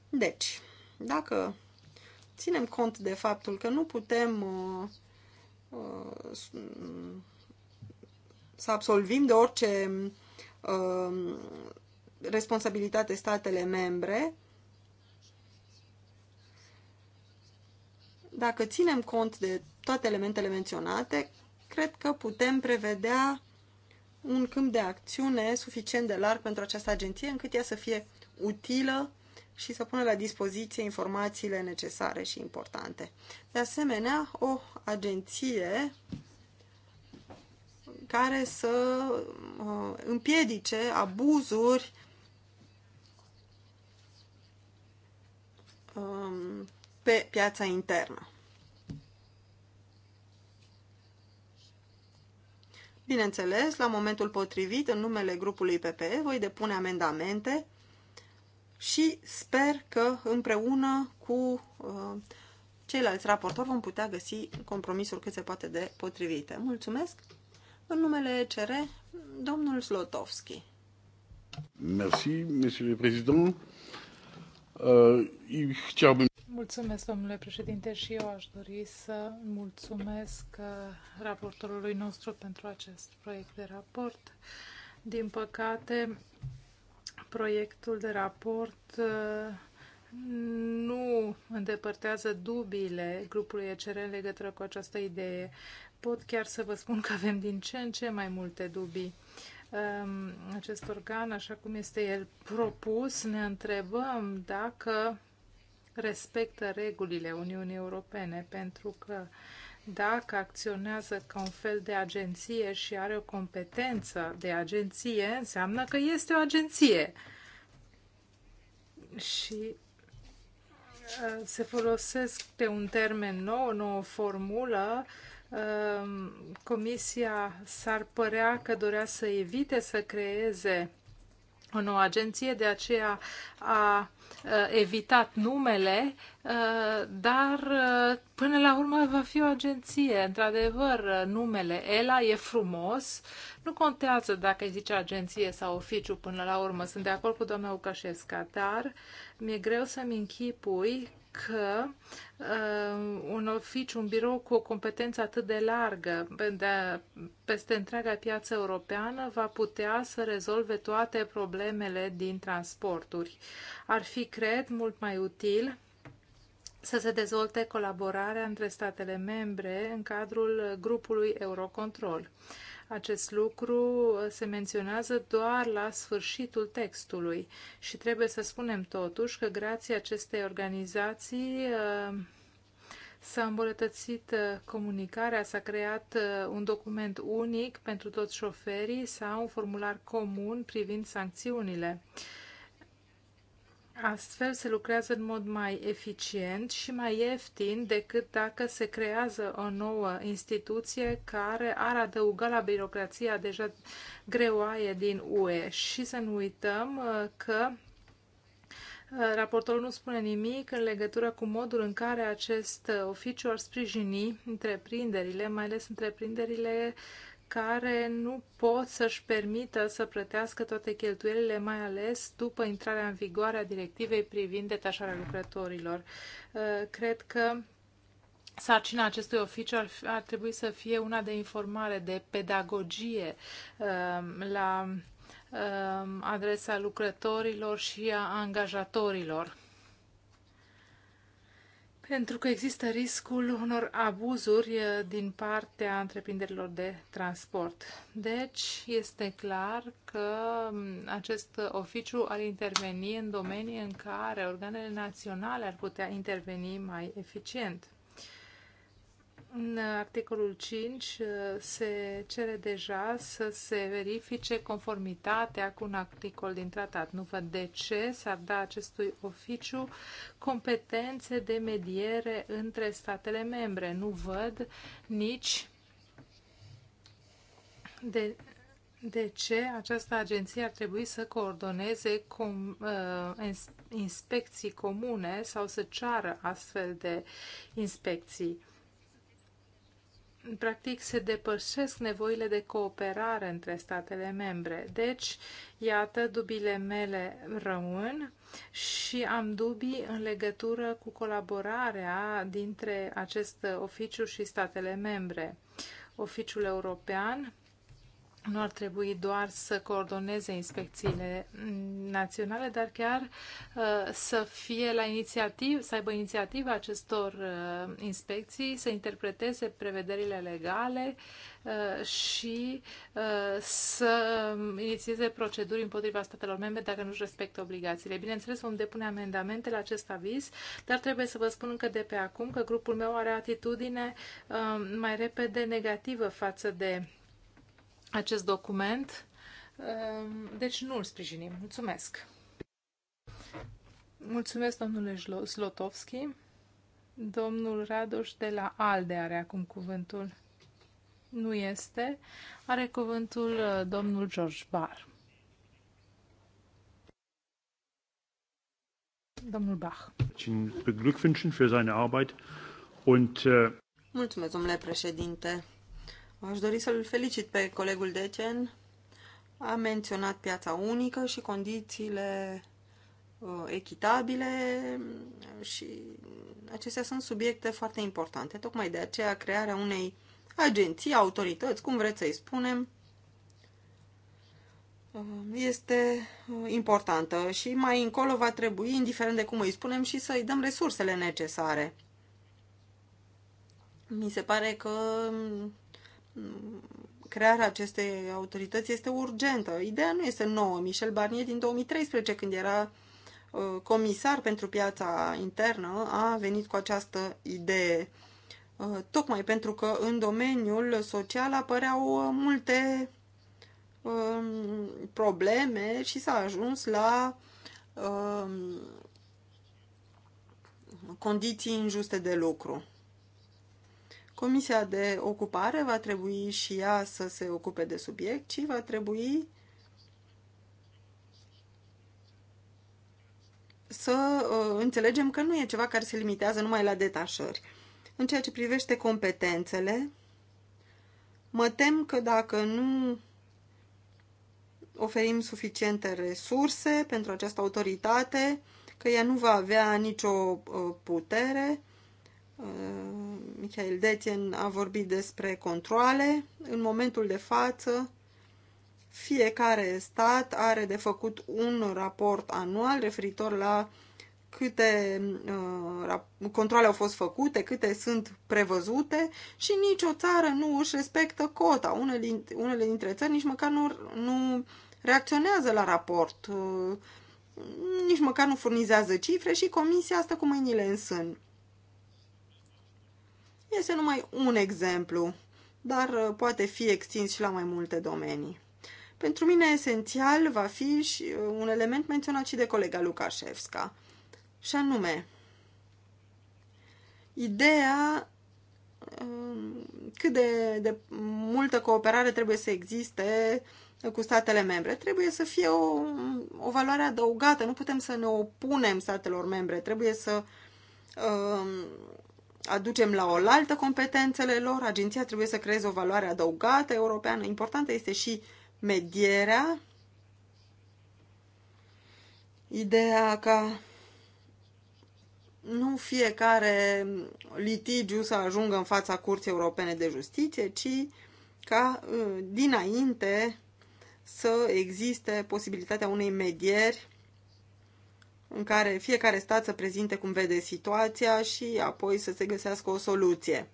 Deci, dacă ținem cont de faptul că nu putem uh, uh, să absolvim de orice uh, responsabilitate statele membre, dacă ținem cont de toate elementele menționate, cred că putem prevedea un câmp de acțiune suficient de larg pentru această agenție, încât ea să fie utilă și să pună la dispoziție informațiile necesare și importante. De asemenea, o agenție care să uh, împiedice abuzuri um, pe piața internă. Bineînțeles, la momentul potrivit, în numele grupului PPE, voi depune amendamente și sper că împreună cu uh, ceilalți raportori vom putea găsi compromisuri cât se poate de potrivite. Mulțumesc! În numele CR, domnul Slotovski. Merci, monsieur le président. Uh, Mulțumesc, domnule președinte, și eu aș dori să mulțumesc uh, raportorului nostru pentru acest proiect de raport. Din păcate, proiectul de raport uh, nu îndepărtează dubiile grupului ECR în legătură cu această idee. Pot chiar să vă spun că avem din ce în ce mai multe dubii um, acest organ, așa cum este el propus, ne întrebăm dacă respectă regulile Uniunii Europene, pentru că dacă acționează ca un fel de agenție și are o competență de agenție, înseamnă că este o agenție. Și uh, se folosesc de un termen nou, o nouă formulă, uh, Comisia s-ar părea că dorea să evite să creeze o nouă agenție, de aceea a evitat numele, dar până la urmă va fi o agenție. Într-adevăr, numele ELA e frumos, nu contează dacă îi zice agenție sau oficiu până la urmă. Sunt de acord cu doamna Ucașesca, dar mi-e greu să-mi închipui că uh, un oficiu, un birou cu o competență atât de largă de, peste întreaga piață europeană va putea să rezolve toate problemele din transporturi. Ar fi, cred, mult mai util să se dezvolte colaborarea între statele membre în cadrul grupului Eurocontrol. Uh, acest lucru uh, se menționează doar la sfârșitul textului și trebuie să spunem totuși că grație acestei organizații uh, s-a îmbunătățit uh, comunicarea, s-a creat un document unic pentru toți șoferii sau un formular comun privind sancțiunile. Astfel se lucrează în mod mai eficient și mai ieftin decât dacă se creează o nouă instituție care ar adăuga la birocrația deja greoaie din UE. Și să nu uităm uh, că uh, Raportorul nu spune nimic în legătură cu modul în care acest uh, oficiu ar sprijini întreprinderile, mai ales întreprinderile care nu pot să-și permită să plătească toate cheltuielile, mai ales după intrarea în vigoare a directivei privind detașarea lucrătorilor. Uh, cred că sarcina acestui oficiu ar, ar trebui să fie una de informare, de pedagogie um, la um, adresa lucrătorilor și a angajatorilor pentru că există riscul unor abuzuri eh, din partea întreprinderilor de transport. Deci, este clar că mm, acest oficiu ar interveni în domenii în care organele naționale ar putea interveni mai eficient. În articolul 5 uh, se cere deja să se verifice conformitatea cu un articol din tratat. Nu văd de ce s-ar da acestui oficiu competențe de mediere între statele membre. Nu văd nici de, de ce această agenție ar trebui să coordoneze com, uh, inspecții comune sau să ceară astfel de inspecții practic se depășesc nevoile de cooperare între statele membre. Deci, iată, dubile mele rămân și am dubii în legătură cu colaborarea dintre acest oficiu și statele membre. Oficiul European nu ar trebui doar să coordoneze inspecțiile naționale, dar chiar uh, să fie la inițiativ, să aibă inițiativa acestor uh, inspecții, să interpreteze prevederile legale uh, și să um, inițieze proceduri împotriva statelor membre dacă nu-și respectă obligațiile. Bineînțeles, vom depune amendamente la acest aviz, dar trebuie să vă spun încă de pe acum că grupul meu are atitudine um, mai repede negativă față de acest document. Ehm, deci nu îl sprijinim. Mulțumesc! Mulțumesc, domnule Slotovski. Domnul Radoș de la ALDE are acum cuvântul. Nu este. Are cuvântul uh, domnul George Bar. Domnul Bach. Beglückwünschen für seine Arbeit und uh, Mulțumesc, domnule președinte. Aș dori să-l felicit pe colegul Decen. A menționat piața unică și condițiile uh, echitabile și acestea sunt subiecte foarte importante. Tocmai de aceea crearea unei agenții, autorități, cum vreți să-i spunem, uh, este uh, importantă și mai încolo va trebui, indiferent de cum îi spunem, și să-i dăm resursele necesare. Mi se pare că crearea acestei autorități este urgentă. Ideea nu este nouă. Michel Barnier din 2013, când era uh, comisar pentru piața internă, a venit cu această idee. Uh, tocmai pentru că în domeniul social apăreau uh, multe um, probleme și s-a ajuns la um, condiții injuste de lucru. Comisia de ocupare va trebui și ea să se ocupe de subiect, ci va trebui să uh, înțelegem că nu e ceva care se limitează numai la detașări. În ceea ce privește competențele, mă tem că dacă nu oferim suficiente resurse pentru această autoritate, că ea nu va avea nicio uh, putere Uh, Michael Detien a vorbit despre controle. În momentul de față, fiecare stat are de făcut un raport anual referitor la câte uh, controle au fost făcute, câte sunt prevăzute și nicio țară nu își respectă cota. Unele, unele dintre țări nici măcar nu, nu reacționează la raport, uh, nici măcar nu furnizează cifre și comisia asta cu mâinile în sân. Este numai un exemplu, dar uh, poate fi extins și la mai multe domenii. Pentru mine esențial va fi și uh, un element menționat și de colega Lukashevska, și anume ideea um, cât de, de multă cooperare trebuie să existe cu statele membre. Trebuie să fie o, o valoare adăugată, nu putem să ne opunem statelor membre, trebuie să uh, aducem la oaltă competențele lor, agenția trebuie să creeze o valoare adăugată europeană. Importantă este și medierea, ideea ca nu fiecare litigiu să ajungă în fața Curții Europene de Justiție, ci ca uh, dinainte să existe posibilitatea unei medieri în care fiecare stat să prezinte cum vede situația și apoi să se găsească o soluție.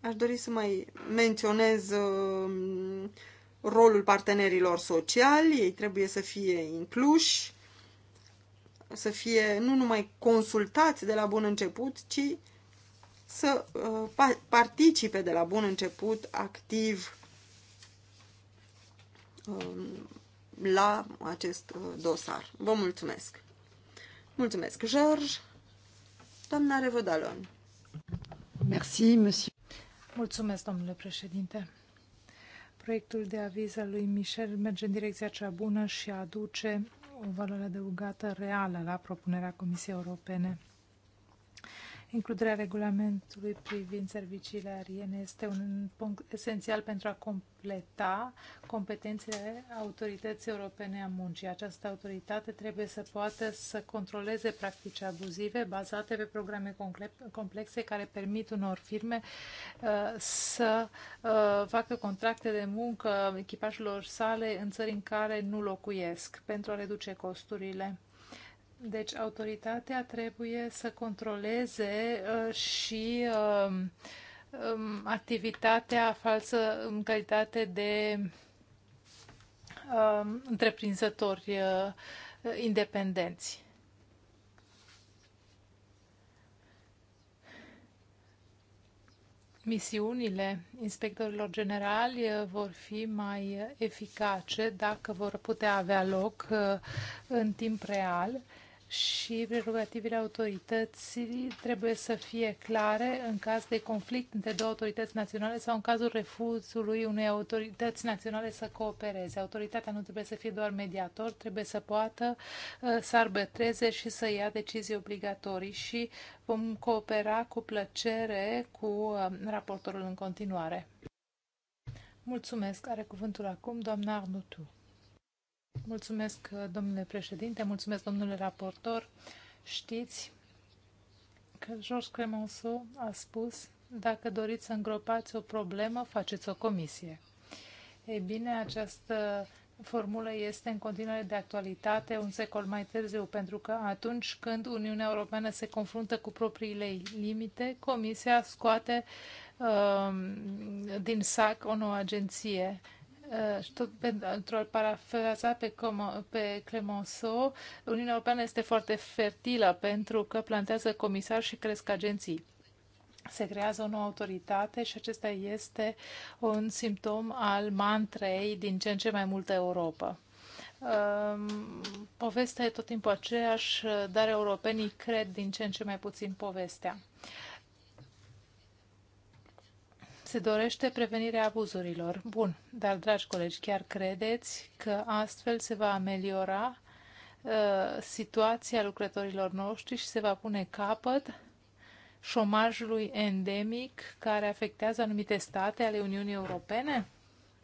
Aș dori să mai menționez um, rolul partenerilor sociali. Ei trebuie să fie incluși, să fie nu numai consultați de la bun început, ci să uh, participe de la bun început activ um, la acest uh, dosar. Vă mulțumesc! Mulțumesc, George! Doamna Revodalon. Merci, monsieur. Mulțumesc, domnule președinte. Proiectul de aviz al lui Michel merge în direcția cea bună și aduce o valoare adăugată reală la propunerea Comisiei Europene Includerea regulamentului privind serviciile aeriene este un punct esențial pentru a completa competențele autorității europene a muncii. Această autoritate trebuie să poată să controleze practici abuzive bazate pe programe complexe care permit unor firme uh, să uh, facă contracte de muncă echipajelor sale în țări în care nu locuiesc pentru a reduce costurile deci autoritatea trebuie să controleze uh, și um, um, activitatea falsă în calitate de um, întreprinzători uh, independenți. Misiunile inspectorilor generali uh, vor fi mai eficace dacă vor putea avea loc în timp real și prerogativele autorității trebuie să fie clare în caz de conflict între două autorități naționale sau în cazul refuzului unei autorități naționale să coopereze. Autoritatea nu trebuie să fie doar mediator, trebuie să poată uh, să arbitreze și să ia decizii obligatorii și vom coopera cu plăcere cu uh, raportorul în continuare. Mulțumesc. Are cuvântul acum doamna Arnutu. Mulțumesc, uh, domnule președinte, mulțumesc, domnule raportor. Știți că Georges Clemenceau a spus, dacă doriți să îngropați o problemă, faceți o comisie. Ei bine, această formulă este în continuare de actualitate un secol mai târziu, pentru că atunci când Uniunea Europeană se confruntă cu propriile limite, Comisia scoate uh, din sac o nouă agenție Uh, și tot pentru a parafraza pe, pe Clemenceau, Uniunea Europeană este foarte fertilă pentru că plantează comisari și cresc agenții. Se creează o nouă autoritate și acesta este un simptom al mantrei din ce în ce mai multă Europa. Um, povestea e tot timpul aceeași, dar europenii cred din ce în ce mai puțin povestea. se dorește prevenirea abuzurilor. Bun, dar, dragi colegi, chiar credeți că astfel se va ameliora uh, situația lucrătorilor noștri și se va pune capăt șomajului endemic care afectează anumite state ale Uniunii Europene?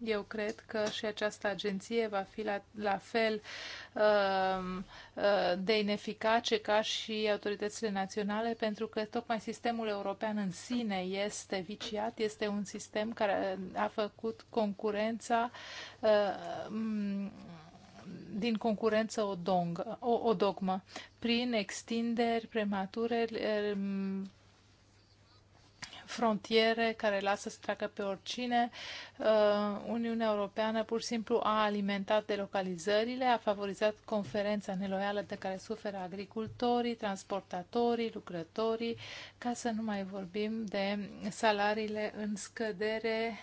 Eu cred că și această agenție va fi la, la fel um, uh, de ineficace ca și autoritățile naționale, pentru că tocmai sistemul european în sine este viciat, este un sistem care a făcut concurența uh, mm, din concurență o, dongă, o, o dogmă, prin extinderi premature um, frontiere care lasă să treacă pe oricine. Uh, Uniunea Europeană pur și simplu a alimentat delocalizările, a favorizat conferența neloială de care suferă agricultorii, transportatorii, lucrătorii, ca să nu mai vorbim de salariile în scădere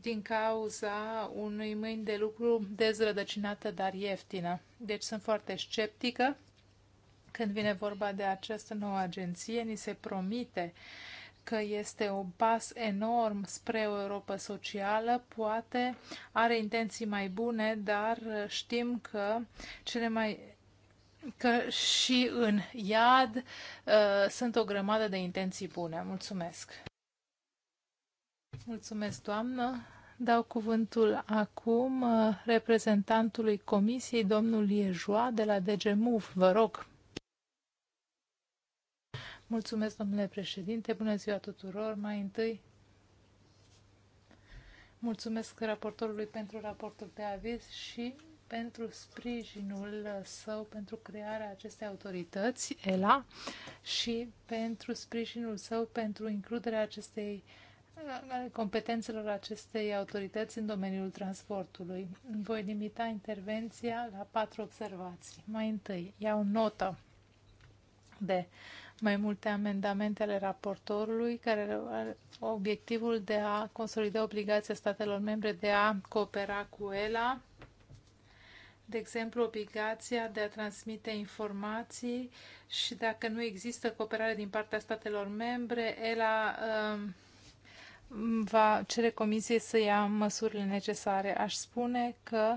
din cauza unui mâini de lucru dezrădăcinată, dar ieftină. Deci sunt foarte sceptică când vine vorba de această nouă agenție, ni se promite că este un pas enorm spre o Europa socială, poate are intenții mai bune, dar știm că cele mai că și în iad uh, sunt o grămadă de intenții bune. Mulțumesc! Mulțumesc, doamnă! Dau cuvântul acum uh, reprezentantului Comisiei, domnul Iejoa, de la DGMUF. Vă rog! Mulțumesc, domnule președinte. Bună ziua tuturor. Mai întâi, mulțumesc raportorului pentru raportul de aviz și pentru sprijinul său pentru crearea acestei autorități, ELA, și pentru sprijinul său pentru includerea acestei competențelor acestei autorități în domeniul transportului. Voi limita intervenția la patru observații. Mai întâi, iau notă de uh, mai multe amendamente ale raportorului, care are obiectivul de a consolida obligația statelor membre de a coopera cu ELA, de exemplu, obligația de a transmite informații și dacă nu există cooperare din partea statelor membre, ELA um, va cere comisiei să ia măsurile necesare. Aș spune că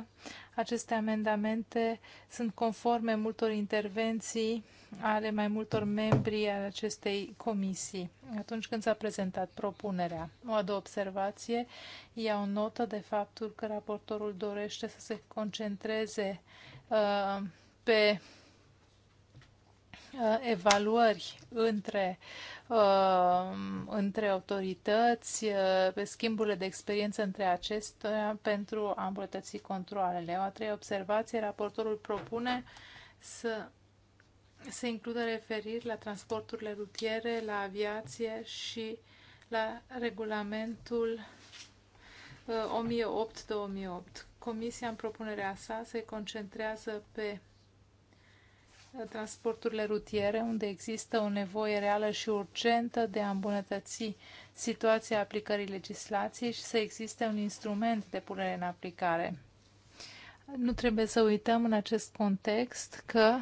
aceste amendamente sunt conforme multor intervenții ale mai multor membri al acestei comisii atunci când s-a prezentat propunerea. O a doua observație, iau notă de faptul că raportorul dorește să se concentreze uh, pe uh, evaluări între, uh, între autorități, uh, pe schimburile de experiență între acestea pentru a îmbunătăți controlele. O a treia observație, raportorul propune să se includă referiri la transporturile rutiere, la aviație și la regulamentul 1008-2008. Uh, Comisia, în propunerea sa, se concentrează pe uh, transporturile rutiere, unde există o nevoie reală și urgentă de a îmbunătăți situația aplicării legislației și să existe un instrument de punere în aplicare. Nu trebuie să uităm în acest context că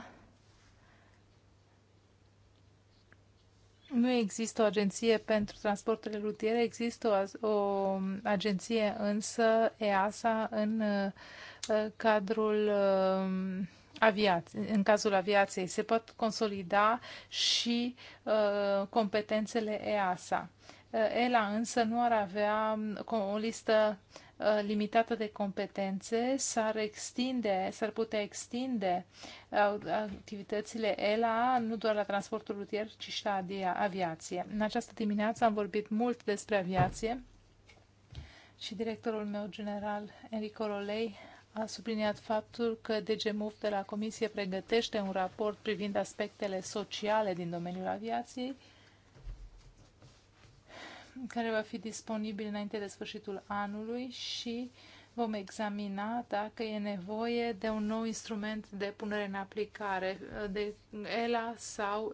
nu există o agenție pentru transporturile rutiere, există o, o agenție însă EASA în uh, cadrul uh, aviației, în cazul aviației. Se pot consolida și uh, competențele EASA. Uh, ELA însă nu ar avea um, o listă Uh, limitată de competențe, s-ar extinde, s-ar putea extinde uh, activitățile ELA nu doar la transportul rutier, ci și la aviație. În această dimineață am vorbit mult despre aviație și directorul meu general, Enrico Rolei, a subliniat faptul că DGMUF de la Comisie pregătește un raport privind aspectele sociale din domeniul aviației care va fi disponibil înainte de sfârșitul anului și vom examina dacă e nevoie de un nou instrument de punere în aplicare de ELA sau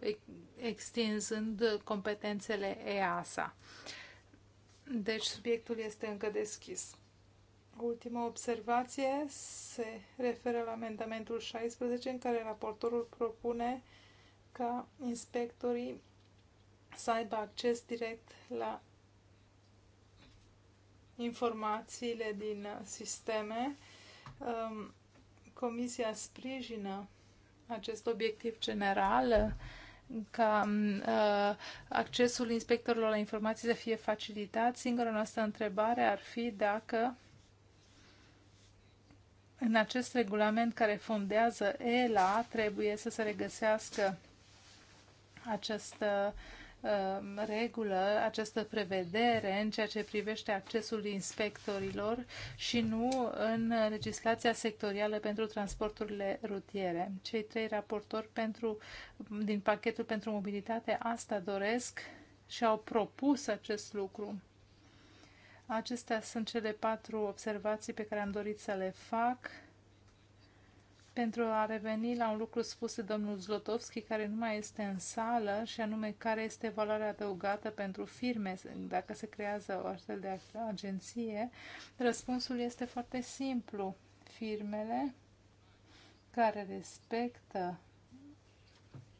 extinzând competențele EASA. Deci subiectul este încă deschis. Ultima observație se referă la amendamentul 16 în care raportorul propune ca inspectorii să aibă acces direct la informațiile din uh, sisteme. Um, Comisia sprijină acest obiectiv general ca um, uh, accesul inspectorilor la informații să fie facilitat. Singura noastră întrebare ar fi dacă în acest regulament care fondează ELA trebuie să se regăsească această uh, Um, regulă, această prevedere în ceea ce privește accesul inspectorilor și nu în legislația sectorială pentru transporturile rutiere. Cei trei raportori pentru, din pachetul pentru mobilitate asta doresc și au propus acest lucru. Acestea sunt cele patru observații pe care am dorit să le fac pentru a reveni la un lucru spus de domnul Zlotovski, care nu mai este în sală, și anume care este valoarea adăugată pentru firme dacă se creează o astfel de agenție, răspunsul este foarte simplu. Firmele care respectă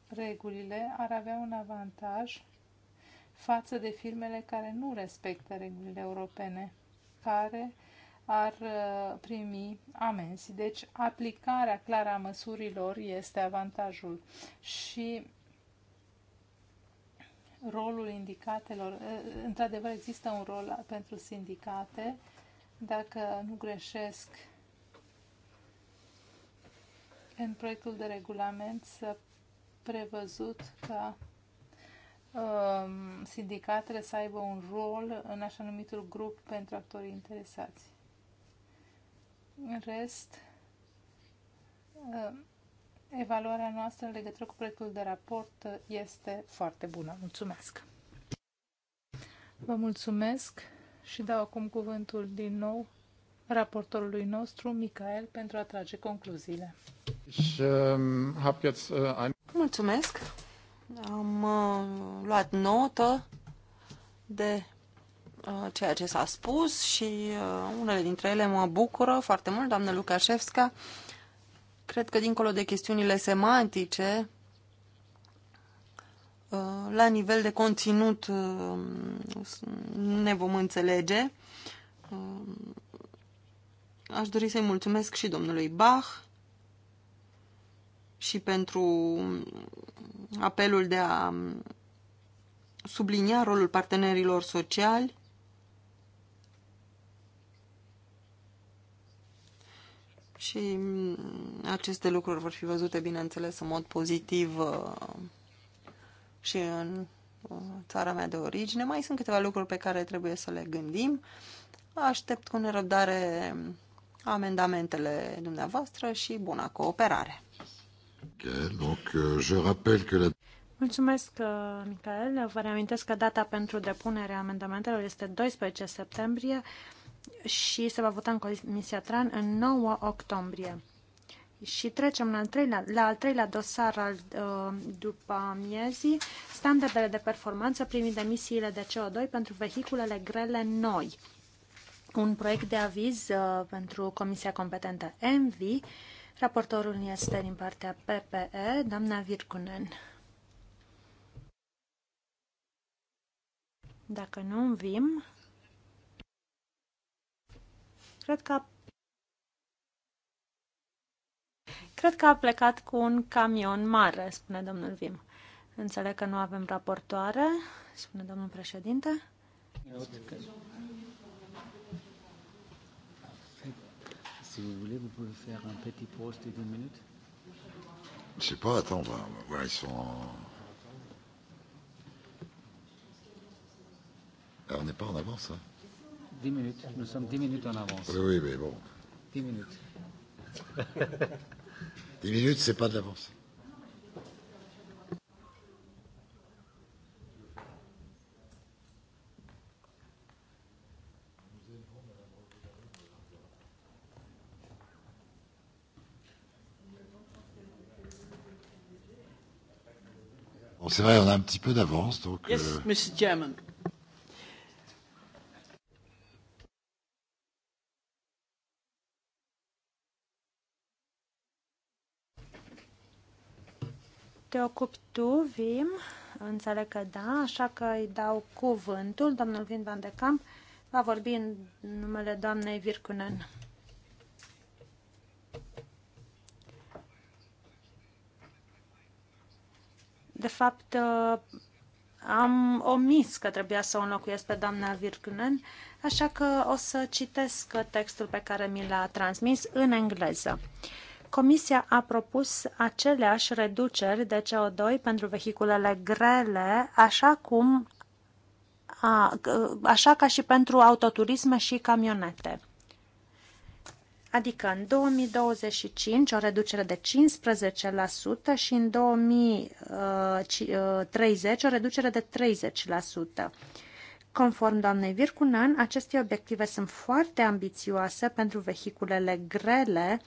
regulile ar avea un avantaj față de firmele care nu respectă regulile europene, care ar uh, primi amenzi. Deci aplicarea clară a măsurilor este avantajul și rolul indicatelor, uh, într-adevăr există un rol pentru sindicate, dacă nu greșesc, în proiectul de regulament s-a prevăzut ca um, sindicatele să aibă un rol în așa numitul grup pentru actorii interesați. În rest, uh, evaluarea noastră în legătură cu proiectul de raport este foarte bună. Mulțumesc! Vă mulțumesc și dau acum cuvântul din nou raportorului nostru, Michael, pentru a trage concluziile. Um, uh, mulțumesc! Am uh, luat notă de Uh, ceea ce s-a spus și uh, unele dintre ele mă bucură foarte mult, doamnă Lukașevska. Cred că dincolo de chestiunile semantice, uh, la nivel de conținut ne vom înțelege. Aș dori să-i mulțumesc și domnului Bach și pentru apelul de a sublinia rolul partenerilor sociali Și mm, aceste lucruri vor fi văzute, bineînțeles, în mod pozitiv uh, și în uh, țara mea de origine. Mai sunt câteva lucruri pe care trebuie să le gândim. Aștept cu nerăbdare amendamentele dumneavoastră și bună cooperare. Euh, Mulțumesc, uh, Micael. Vă reamintesc că data pentru depunerea amendamentelor este 12 septembrie și se va vota în Comisia Tran în 9 octombrie. Și trecem la al treilea, la al treilea dosar al, uh, după amiezii, standardele de performanță de emisiile de CO2 pentru vehiculele grele noi. Un proiect de aviz uh, pentru Comisia Competentă ENVI. Raportorul este din partea PPE, doamna Virkunen. Dacă nu, învim, Cred că a Cred că a plecat cu un camion mare, spune domnul Vim. Înțeleg că nu avem raportoare, spune domnul președinte. Si vous voulez, vous pouvez faire un petit poste de minutes. Je sais pas, attendre. Ouais, ils sont. Alors, on n'est pas en avance. Hein. 10 minutes. Nous sommes 10 minutes en avance. Oui, oui, mais bon. 10 minutes. 10 minutes, c'est pas de l'avance. Bon, c'est vrai, on a un petit peu d'avance, donc. Yes, euh... Mr. Chairman. Te ocupi tu, Vim? Înțeleg că da, așa că îi dau cuvântul. Domnul Vim Van de Camp va vorbi în numele doamnei Virkunen. De fapt, am omis că trebuia să o înlocuiesc pe doamna Virkunen, așa că o să citesc textul pe care mi l-a transmis în engleză. Comisia a propus aceleași reduceri de CO2 pentru vehiculele grele, așa cum a, așa ca și pentru autoturisme și camionete. Adică în 2025 o reducere de 15% și în 2030 o reducere de 30%. Conform doamnei Vircunan, aceste obiective sunt foarte ambițioase pentru vehiculele grele,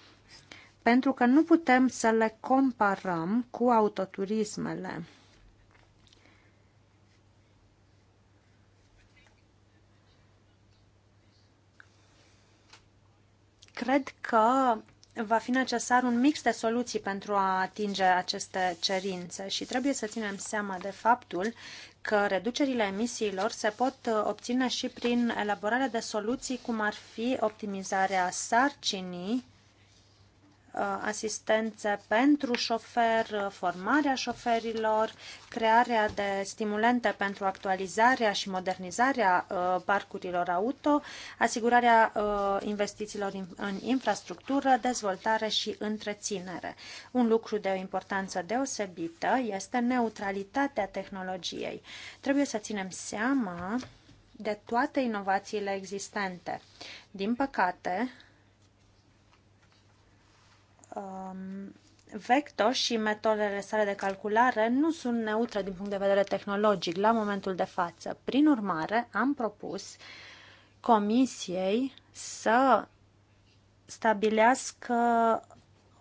pentru că nu putem să le comparăm cu autoturismele. Cred că va fi necesar un mix de soluții pentru a atinge aceste cerințe și trebuie să ținem seama de faptul că reducerile emisiilor se pot obține și prin elaborarea de soluții cum ar fi optimizarea sarcinii Uh, asistențe pentru șofer, uh, formarea șoferilor, crearea de stimulente pentru actualizarea și modernizarea uh, parcurilor auto, asigurarea investițiilor în infrastructură, dezvoltare și întreținere. Un lucru de o importanță deosebită este neutralitatea tehnologiei. Trebuie să ținem seama de toate inovațiile existente. Din păcate, um, Vecto și metodele sale de calculare nu sunt neutre din punct de vedere tehnologic la momentul de față. Prin urmare, am propus Comisiei să stabilească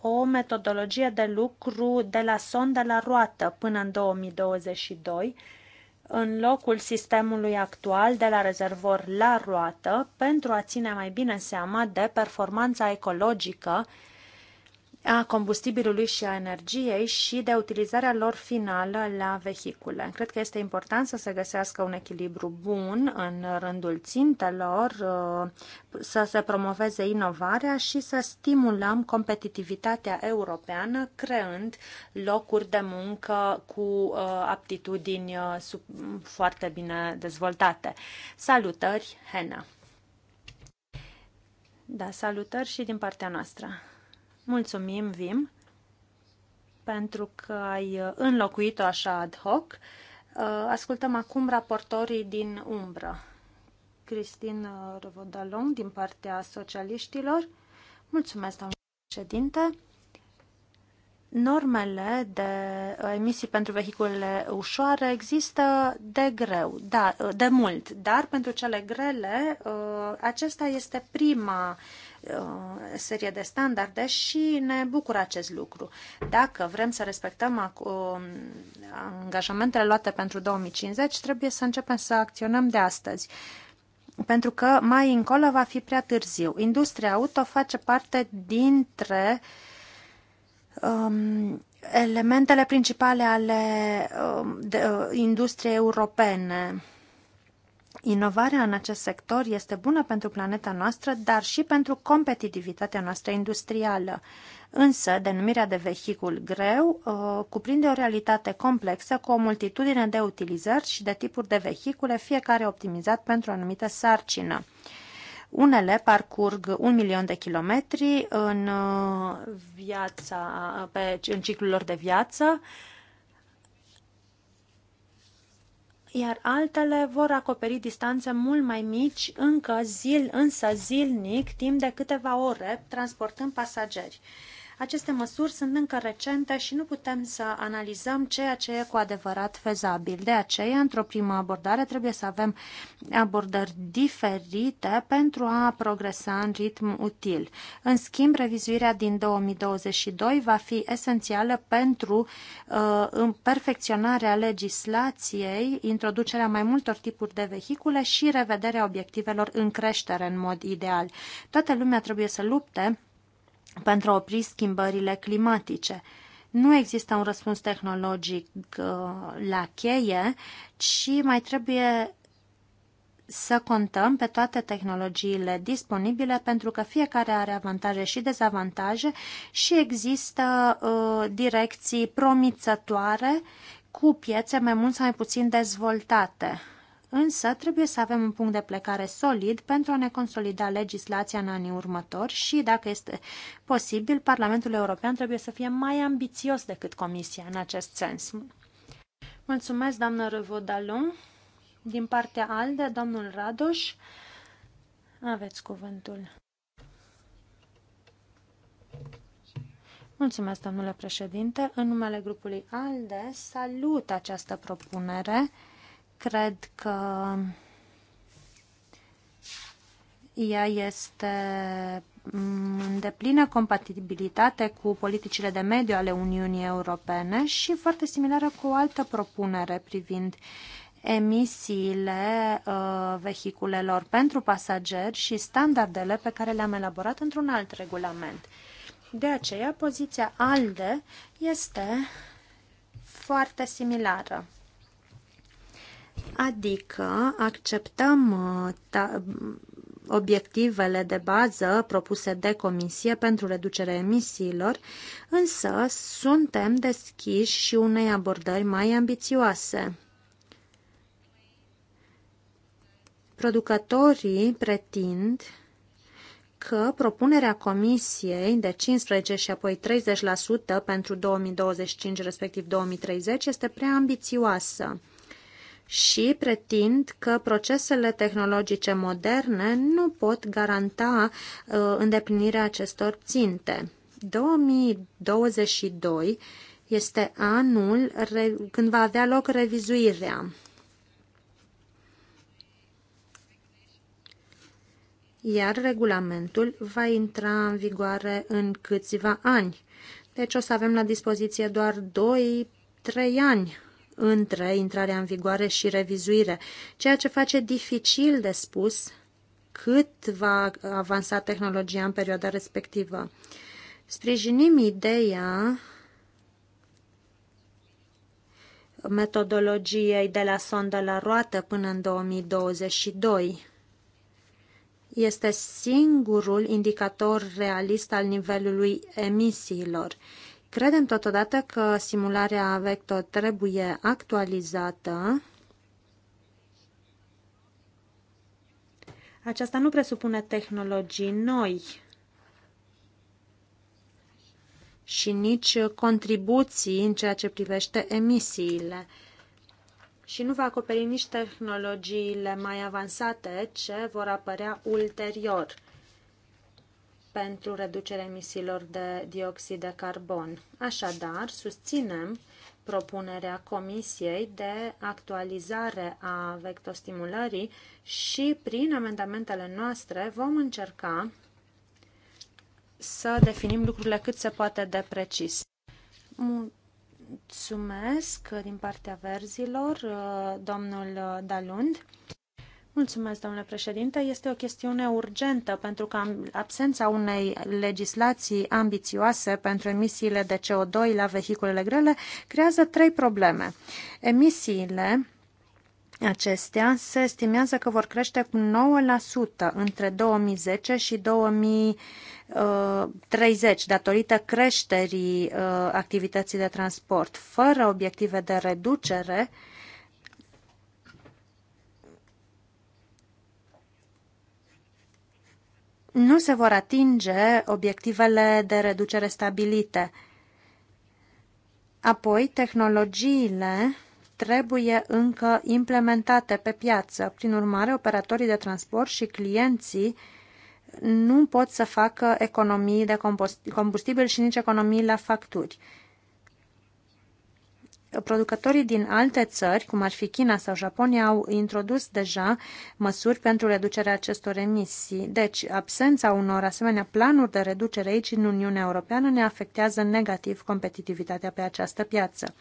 o metodologie de lucru de la sondă la roată până în 2022, în locul sistemului actual de la rezervor la roată, pentru a ține mai bine seama de performanța ecologică a combustibilului și a energiei și de utilizarea lor finală la vehicule. Cred că este important să se găsească un echilibru bun în rândul țintelor, uh, să se promoveze inovarea și să stimulăm competitivitatea europeană creând locuri de muncă cu uh, aptitudini uh, foarte bine dezvoltate. Salutări, Hena! Da, salutări și din partea noastră. Mulțumim, Vim, pentru că ai uh, înlocuit-o așa ad hoc. Uh, ascultăm acum raportorii din umbră. Cristin uh, Rovodalong din partea socialiștilor. Mulțumesc, doamnă președinte. Normele de emisii pentru vehiculele ușoare există de greu, da, de mult, dar pentru cele grele, acesta este prima Uh, serie de standarde și ne bucură acest lucru. Dacă vrem să respectăm uh, angajamentele luate pentru 2050, trebuie să începem să acționăm de astăzi pentru că mai încolo va fi prea târziu. Industria auto face parte dintre um, elementele principale ale um, de, uh, industriei europene. Inovarea în acest sector este bună pentru planeta noastră, dar și pentru competitivitatea noastră industrială. Însă, denumirea de vehicul greu uh, cuprinde o realitate complexă cu o multitudine de utilizări și de tipuri de vehicule, fiecare optimizat pentru o anumită sarcină. Unele parcurg un milion de kilometri în, uh, viața, pe, în ciclul lor de viață, uh, iar altele vor acoperi distanțe mult mai mici, încă zil, însă zilnic, timp de câteva ore, transportând pasageri. Aceste măsuri sunt încă recente și nu putem să analizăm ceea ce e cu adevărat fezabil. De aceea, într-o primă abordare, trebuie să avem abordări diferite pentru a progresa în ritm util. În schimb, revizuirea din 2022 va fi esențială pentru uh, perfecționarea legislației, introducerea mai multor tipuri de vehicule și revederea obiectivelor în creștere în mod ideal. Toată lumea trebuie să lupte pentru a opri schimbările climatice. Nu există un răspuns tehnologic uh, la cheie, ci mai trebuie să contăm pe toate tehnologiile disponibile pentru că fiecare are avantaje și dezavantaje și există uh, direcții promițătoare cu piețe mai mult sau mai puțin dezvoltate. Însă trebuie să avem un punct de plecare solid pentru a ne consolida legislația în anii următori și, dacă este posibil, Parlamentul European trebuie să fie mai ambițios decât Comisia în acest sens. Mulțumesc, doamnă Revodalon. Din partea ALDE, domnul Radoș, aveți cuvântul. Mulțumesc, domnule președinte. În numele grupului ALDE, salut această propunere Cred că ea este în deplină compatibilitate cu politicile de mediu ale Uniunii Europene și foarte similară cu o altă propunere privind emisiile uh, vehiculelor pentru pasageri și standardele pe care le-am elaborat într-un alt regulament. De aceea, poziția ALDE este foarte similară. Adică acceptăm uh, obiectivele de bază propuse de Comisie pentru reducerea emisiilor, însă suntem deschiși și unei abordări mai ambițioase. Producătorii pretind că propunerea Comisiei de 15 și apoi 30% pentru 2025, respectiv 2030, este prea ambițioasă și pretind că procesele tehnologice moderne nu pot garanta uh, îndeplinirea acestor ținte. 2022 este anul când va avea loc revizuirea. Iar regulamentul va intra în vigoare în câțiva ani. Deci o să avem la dispoziție doar 2-3 ani între intrarea în vigoare și revizuire, ceea ce face dificil de spus cât va avansa tehnologia în perioada respectivă. Sprijinim ideea metodologiei de la sondă la roată până în 2022. Este singurul indicator realist al nivelului emisiilor. Credem totodată că simularea Vector trebuie actualizată. Aceasta nu presupune tehnologii noi și nici contribuții în ceea ce privește emisiile și nu va acoperi nici tehnologiile mai avansate ce vor apărea ulterior pentru reducerea emisiilor de dioxid de carbon. Așadar, susținem propunerea Comisiei de actualizare a vectostimulării și prin amendamentele noastre vom încerca să definim lucrurile cât se poate de precis. Mulțumesc din partea verzilor, domnul Dalund. Mulțumesc, domnule președinte. Este o chestiune urgentă pentru că absența unei legislații ambițioase pentru emisiile de CO2 la vehiculele grele creează trei probleme. Emisiile acestea se estimează că vor crește cu 9% între 2010 și 2030 datorită creșterii uh, activității de transport. Fără obiective de reducere, nu se vor atinge obiectivele de reducere stabilite. Apoi, tehnologiile trebuie încă implementate pe piață. Prin urmare, operatorii de transport și clienții nu pot să facă economii de combustibil și nici economii la facturi producătorii din alte țări, cum ar fi China sau Japonia, au introdus deja măsuri pentru reducerea acestor emisii. Deci, absența unor asemenea planuri de reducere aici în Uniunea Europeană ne afectează negativ competitivitatea pe această piață.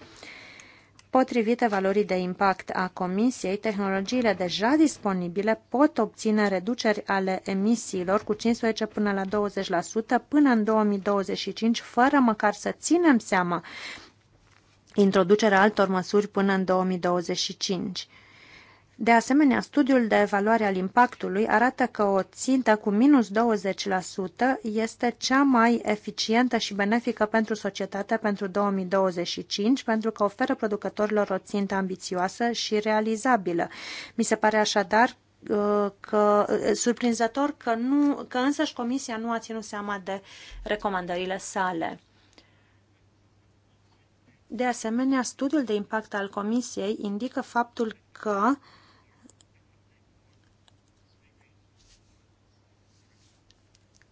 Potrivit valorii de impact a Comisiei, tehnologiile deja disponibile pot obține reduceri ale emisiilor cu 15 până la 20% până în 2025, fără măcar să ținem seama introducerea altor măsuri până în 2025. De asemenea, studiul de evaluare al impactului arată că o țintă cu minus 20% este cea mai eficientă și benefică pentru societate pentru 2025, pentru că oferă producătorilor o țintă ambițioasă și realizabilă. Mi se pare așadar uh, că uh, surprinzător că, nu, că însăși Comisia nu a ținut seama de recomandările sale. De asemenea, studiul de impact al Comisiei indică faptul că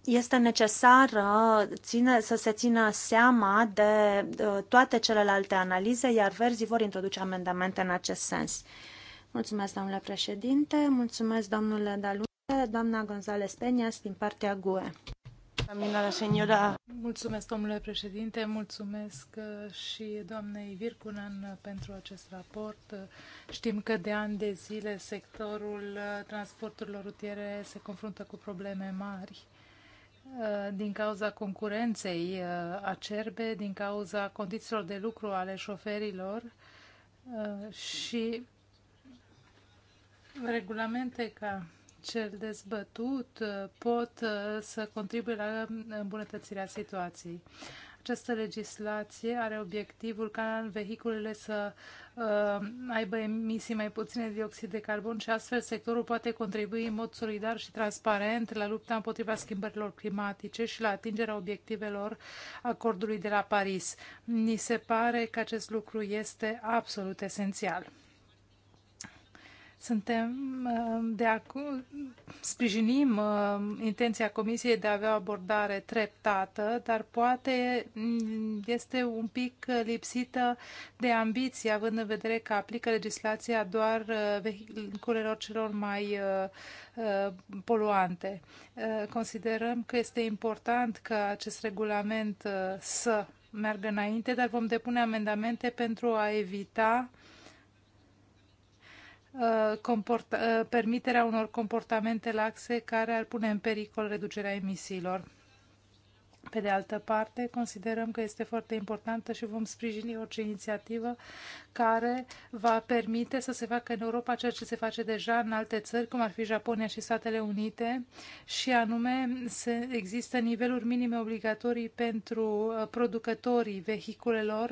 este necesar ține, să se țină seama de toate celelalte analize, iar verzii vor introduce amendamente în acest sens. Mulțumesc, domnule președinte, mulțumesc, domnule Dalunde, doamna González Peñas, din partea GUE. Mulțumesc, domnule președinte, mulțumesc uh, și doamnei Vircunan uh, pentru acest raport. Uh, știm că de ani de zile sectorul transporturilor rutiere se confruntă cu probleme mari din cauza concurenței acerbe, din cauza condițiilor de lucru ale șoferilor și regulamente ca cel dezbătut uh, pot uh, să contribuie la uh, îmbunătățirea situației. Această legislație are obiectivul ca în vehiculele să uh, aibă emisii mai puține de dioxid de carbon și astfel sectorul poate contribui în mod solidar și transparent la lupta împotriva schimbărilor climatice și la atingerea obiectivelor acordului de la Paris. Ni se pare că acest lucru este absolut esențial. Suntem uh, de acum, sprijinim uh, intenția Comisiei de a avea o abordare treptată, dar poate mm, este un pic lipsită de ambiție, având în vedere că aplică legislația doar uh, vehiculelor celor mai poluante. Considerăm că este important ca acest regulament să meargă înainte, dar vom depune amendamente pentru a evita Uh, uh, permiterea unor comportamente laxe care ar pune în pericol reducerea emisiilor. Pe de altă parte, considerăm că este foarte importantă și vom sprijini orice inițiativă care va permite să se facă în Europa ceea ce se face deja în alte țări, cum ar fi Japonia și Statele Unite, și anume se, există niveluri minime obligatorii pentru uh, producătorii vehiculelor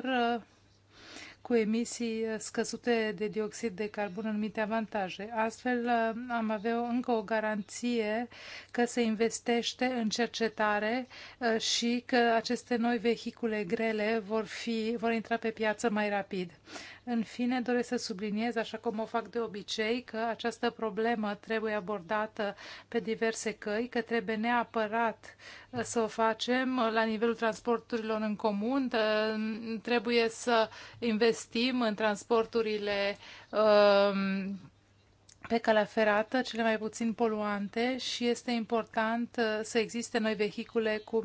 cu emisii scăzute de dioxid de carbon în anumite avantaje. Astfel uh, am avea încă o garanție că se investește în cercetare uh, și că aceste noi vehicule grele vor, fi, vor intra pe piață mai rapid. În fine, doresc să subliniez, așa cum o fac de obicei, că această problemă trebuie abordată pe diverse căi, că trebuie neapărat uh, să o facem la nivelul transporturilor în comun, uh, trebuie să investim în transporturile uh, pe calea ferată, cele mai puțin poluante și este important uh, să existe noi vehicule cu,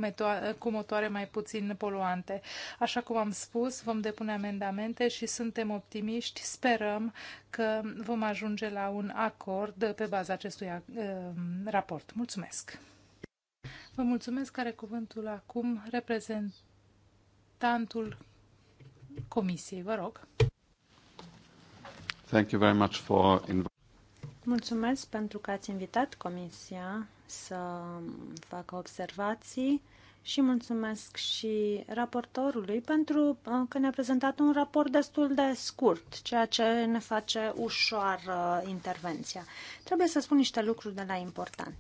cu motoare mai puțin poluante. Așa cum am spus, vom depune amendamente și suntem optimiști, sperăm că vom ajunge la un acord pe baza acestui uh, raport. Mulțumesc! Vă mulțumesc, care cuvântul acum reprezentantul Comisiei, vă rog. Thank you very much for Mulțumesc pentru că ați invitat Comisia să facă observații și mulțumesc și raportorului pentru uh, că ne-a prezentat un raport destul de scurt, ceea ce ne face ușor uh, intervenția. Trebuie să spun niște lucruri de la important.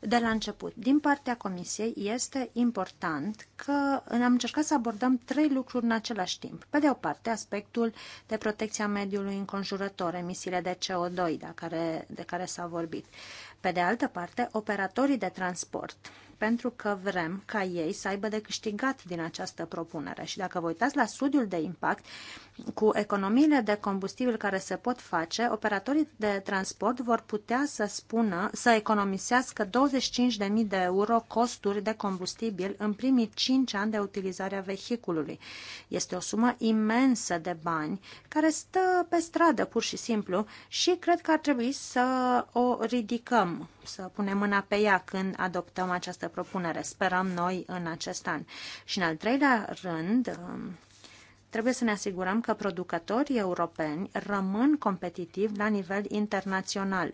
De la început, din partea comisiei este important că am încercat să abordăm trei lucruri în același timp. Pe de o parte, aspectul de protecția mediului înconjurător, emisiile de CO2 de care, de care s-a vorbit. Pe de altă parte, operatorii de transport pentru că vrem ca ei să aibă de câștigat din această propunere. Și dacă vă uitați la studiul de impact, cu economiile de combustibil care se pot face, operatorii de transport vor putea să spună să economisească 25.000 de euro costuri de combustibil în primii 5 ani de utilizare a vehiculului. Este o sumă imensă de bani care stă pe stradă pur și simplu și cred că ar trebui să o ridicăm să punem mâna pe ea când adoptăm această propunere. Sperăm noi în acest an. Și în al treilea rând, um, trebuie să ne asigurăm că producătorii europeni rămân competitivi la nivel internațional.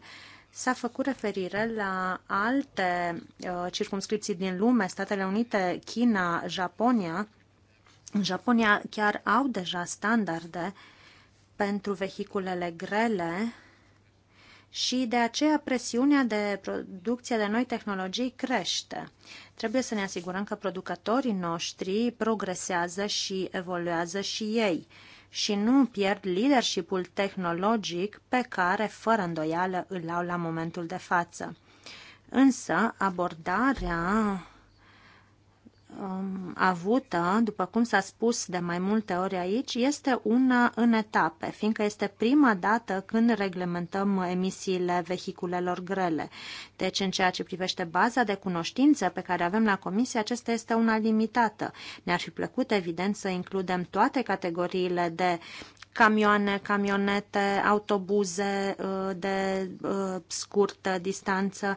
S-a făcut referire la alte uh, circumscripții din lume, Statele Unite, China, Japonia. În Japonia chiar au deja standarde pentru vehiculele grele și de aceea presiunea de producție de noi tehnologii crește. Trebuie să ne asigurăm că producătorii noștri progresează și evoluează și ei și nu pierd leadership-ul tehnologic pe care, fără îndoială, îl au la momentul de față. Însă, abordarea um, avută, după cum s-a spus de mai multe ori aici, este una în etape, fiindcă este prima dată când reglementăm emisiile vehiculelor grele. Deci, în ceea ce privește baza de cunoștință pe care avem la Comisie, acesta este una limitată. Ne-ar fi plăcut, evident, să includem toate categoriile de camioane, camionete, autobuze uh, de uh, scurtă distanță.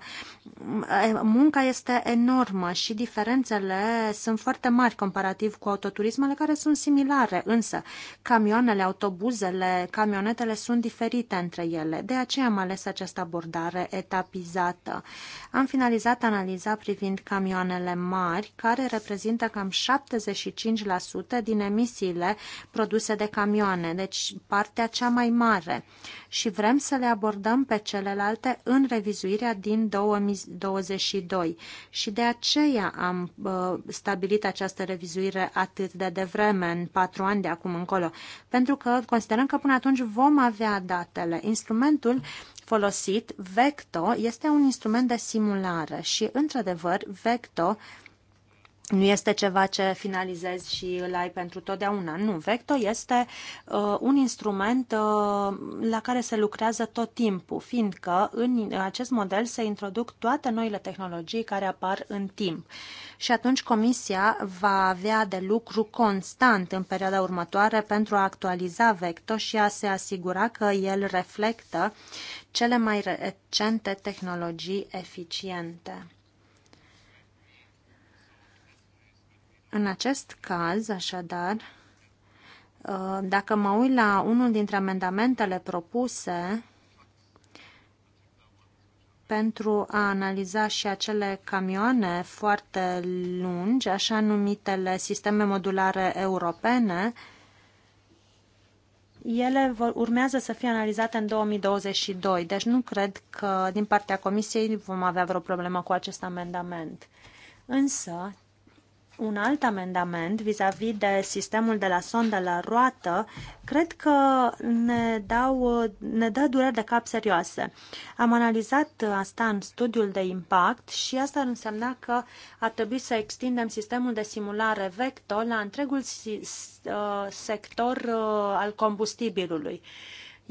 Mm, munca este enormă și diferențele sunt foarte mari comparativ cu autoturismele care sunt similare, însă camioanele, autobuzele, camionetele sunt diferite între ele. De aceea am ales această abordare etapizată. Am finalizat analiza privind camioanele mari, care reprezintă cam 75% din emisiile produse de camioane. Deci deci partea cea mai mare, și vrem să le abordăm pe celelalte în revizuirea din 2022. Și de aceea am uh, stabilit această revizuire atât de devreme, în patru ani de acum încolo, pentru că considerăm că până atunci vom avea datele. Instrumentul folosit, Vecto, este un instrument de simulare și, într-adevăr, Vecto nu este ceva ce finalizezi și îl ai pentru totdeauna. Nu, Vecto este uh, un instrument uh, la care se lucrează tot timpul, fiindcă în acest model se introduc toate noile tehnologii care apar în timp. Și atunci Comisia va avea de lucru constant în perioada următoare pentru a actualiza Vecto și a se asigura că el reflectă cele mai recente tehnologii eficiente. În acest caz, așadar, uh, dacă mă uit la unul dintre amendamentele propuse pentru a analiza și acele camioane foarte lungi, așa numitele sisteme modulare europene, ele urmează să fie analizate în 2022, deci nu cred că din partea Comisiei vom avea vreo problemă cu acest amendament. Însă, un alt amendament vis-a-vis -vis de sistemul de la sondă la roată, cred că ne, dau, ne dă dureri de cap serioase. Am analizat asta în studiul de impact și asta ar însemna că ar trebui să extindem sistemul de simulare vector la întregul uh, sector uh, al combustibilului.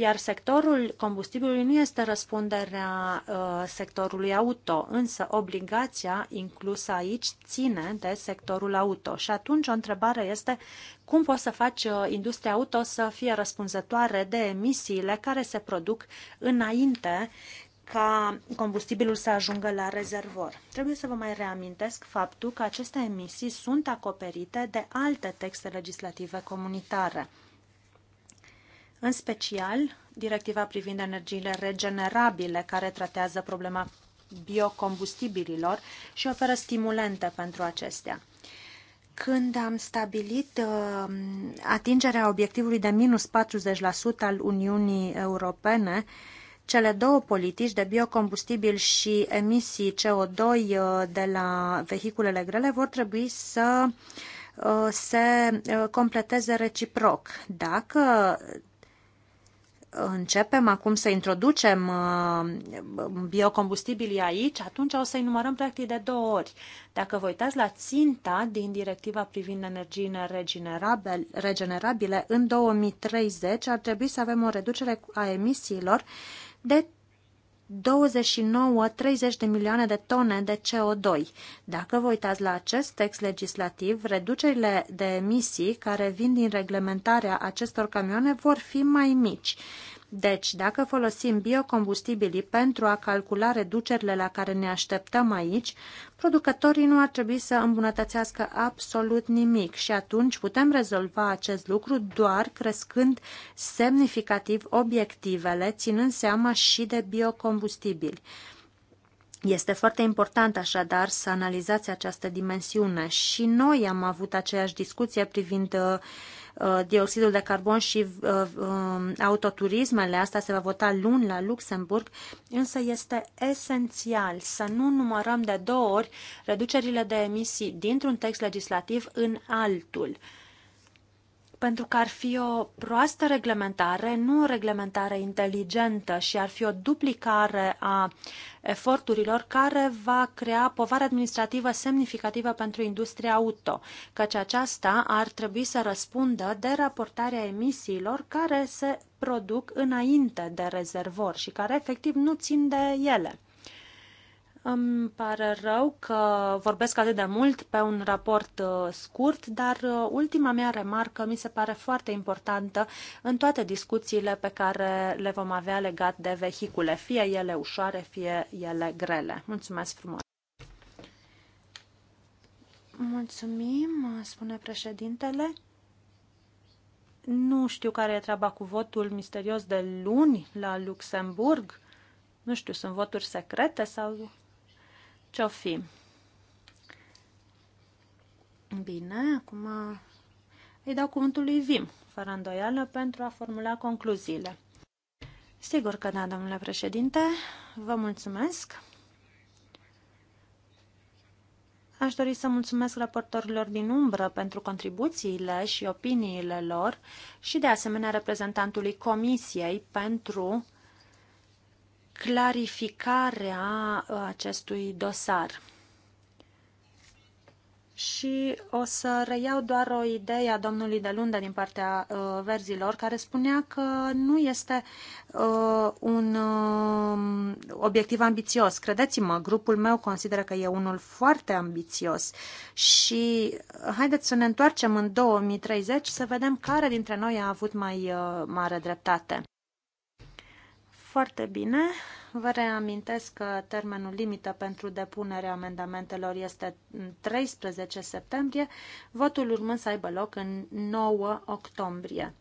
Iar sectorul combustibilului nu este răspunderea uh, sectorului auto, însă obligația inclusă aici ține de sectorul auto. Și atunci o întrebare este cum poți să faci uh, industria auto să fie răspunzătoare de emisiile care se produc înainte ca combustibilul să ajungă la rezervor. Trebuie să vă mai reamintesc faptul că aceste emisii sunt acoperite de alte texte legislative comunitare în special directiva privind energiile regenerabile, care tratează problema biocombustibililor și oferă stimulente pentru acestea. Când am stabilit uh, atingerea obiectivului de minus 40% al Uniunii Europene, cele două politici de biocombustibil și emisii CO2 uh, de la vehiculele grele vor trebui să uh, se uh, completeze reciproc. Dacă începem acum să introducem uh, biocombustibilii aici, atunci o să numărăm practic de două ori. Dacă vă uitați la ținta din directiva privind energiile regenerabile, în 2030 ar trebui să avem o reducere a emisiilor de 29-30 de milioane de tone de CO2. Dacă vă uitați la acest text legislativ, reducerile de emisii care vin din reglementarea acestor camioane vor fi mai mici. Deci, dacă folosim biocombustibilii pentru a calcula reducerile la care ne așteptăm aici, producătorii nu ar trebui să îmbunătățească absolut nimic și atunci putem rezolva acest lucru doar crescând semnificativ obiectivele, ținând seama și de biocombustibili. Este foarte important așadar să analizați această dimensiune și noi am avut aceeași discuție privind uh, Uh, dioxidul de carbon și uh, um, autoturismele. Asta se va vota luni la Luxemburg, însă este esențial să nu numărăm de două ori reducerile de emisii dintr-un text legislativ în altul pentru că ar fi o proastă reglementare, nu o reglementare inteligentă și ar fi o duplicare a eforturilor care va crea povară administrativă semnificativă pentru industria auto, căci aceasta ar trebui să răspundă de raportarea emisiilor care se produc înainte de rezervor și care efectiv nu țin de ele. Îmi pare rău că vorbesc atât de mult pe un raport uh, scurt, dar uh, ultima mea remarcă mi se pare foarte importantă în toate discuțiile pe care le vom avea legat de vehicule, fie ele ușoare, fie ele grele. Mulțumesc frumos! Mulțumim, spune președintele. Nu știu care e treaba cu votul misterios de luni la Luxemburg. Nu știu, sunt voturi secrete sau ce-o fi? Bine, acum îi dau cuvântul lui Vim, fără îndoială, pentru a formula concluziile. Sigur că da, domnule președinte, vă mulțumesc. Aș dori să mulțumesc raportorilor din umbră pentru contribuțiile și opiniile lor și de asemenea reprezentantului Comisiei pentru clarificarea uh, acestui dosar. Și o să reiau doar o idee a domnului de Lundă din partea uh, verzilor, care spunea că nu este uh, un uh, obiectiv ambițios. Credeți-mă, grupul meu consideră că e unul foarte ambițios și uh, haideți să ne întoarcem în 2030 să vedem care dintre noi a avut mai uh, mare dreptate. Foarte bine. Vă reamintesc că termenul limită pentru depunerea amendamentelor este 13 septembrie, votul urmând să aibă loc în 9 octombrie.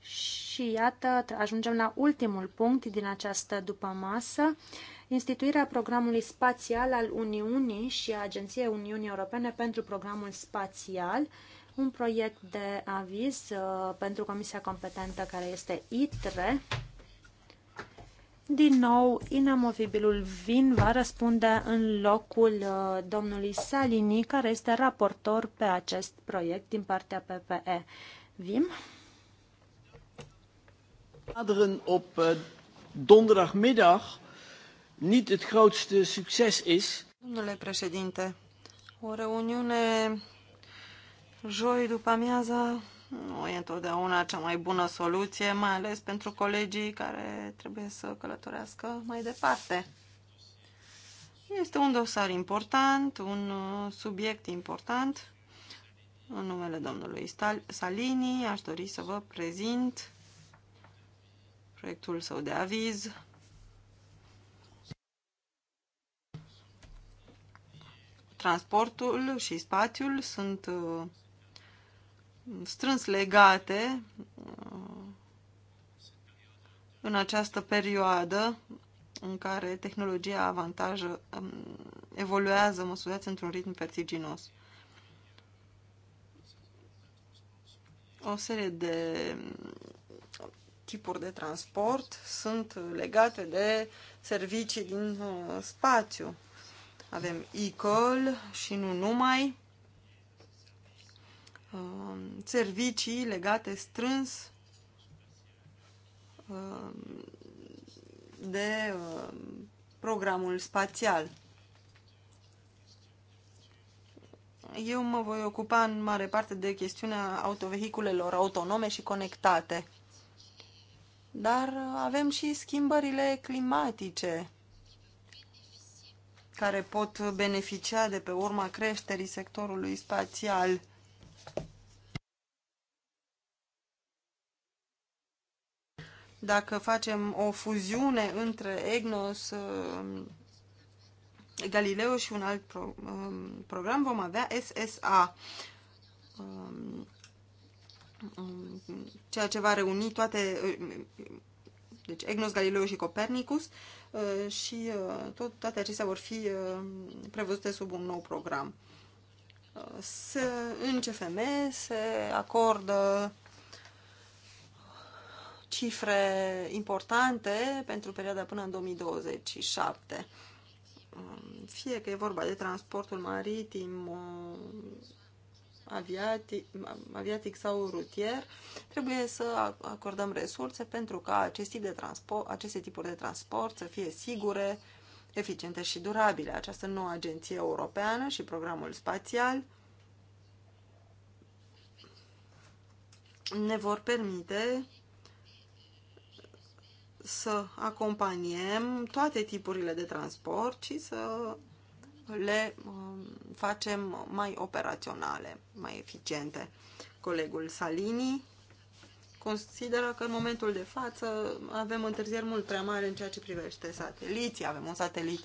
Și iată, ajungem la ultimul punct din această dupămasă, instituirea programului spațial al Uniunii și a Agenției Uniunii Europene pentru programul spațial, un proiect de aviz uh, pentru Comisia Competentă care este ITRE, din nou, inamovibilul Vin va răspunde în locul uh, domnului Salini, care este raportor pe acest proiect din partea PPE. Vim? Aderen op uh, donderdagmiddag niet het grootste succes is. Domnule președinte, o reuniune joi după amiaza nu e întotdeauna cea mai bună soluție, mai ales pentru colegii care trebuie să călătorească mai departe. Este un dosar important, un uh, subiect important. În numele domnului Salini aș dori să vă prezint proiectul său de aviz. Transportul și spațiul sunt uh, strâns legate uh, în această perioadă în care tehnologia avantajă um, evoluează, mă într-un ritm vertiginos. O serie de tipuri de transport sunt legate de servicii din uh, spațiu. Avem e și nu numai Um, servicii legate strâns um, de um, programul spațial. Eu mă voi ocupa în mare parte de chestiunea autovehiculelor autonome și conectate. Dar avem și schimbările climatice care pot beneficia de pe urma creșterii sectorului spațial dacă facem o fuziune între EGNOS, um, Galileo și un alt pro, um, program, vom avea SSA, um, ceea ce va reuni toate, uh, deci EGNOS, Galileo și Copernicus uh, și uh, tot, toate acestea vor fi prevăzute sub un nou program. Se, în CFM se acordă cifre importante pentru perioada până în 2027. Um, fie că e vorba de transportul maritim, uh, aviatic, aviatic sau rutier, trebuie să acordăm resurse pentru ca acest tip de transport, aceste tipuri de transport să fie sigure, eficiente și durabile. Această nouă agenție europeană și programul spațial ne vor permite să acompaniem toate tipurile de transport și să le um, facem mai operaționale, mai eficiente. Colegul Salini consideră că în momentul de față avem întârzieri mult prea mari în ceea ce privește sateliții. Avem un satelit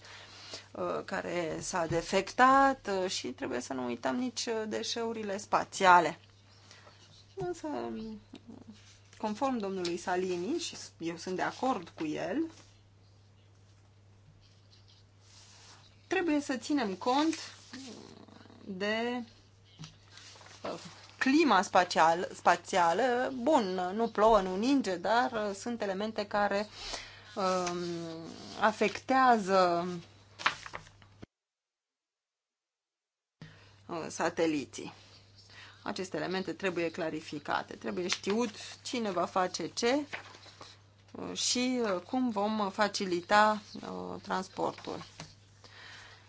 uh, care s-a defectat uh, și trebuie să nu uităm nici uh, deșeurile spațiale. Însă Conform domnului Salini, și eu sunt de acord cu el, trebuie să ținem cont de uh, clima spațial, spațială. Bun, nu plouă, nu ninge, dar uh, sunt elemente care um, afectează uh, sateliții. Aceste elemente trebuie clarificate, trebuie știut cine va face ce uh, și uh, cum vom facilita uh, transportul.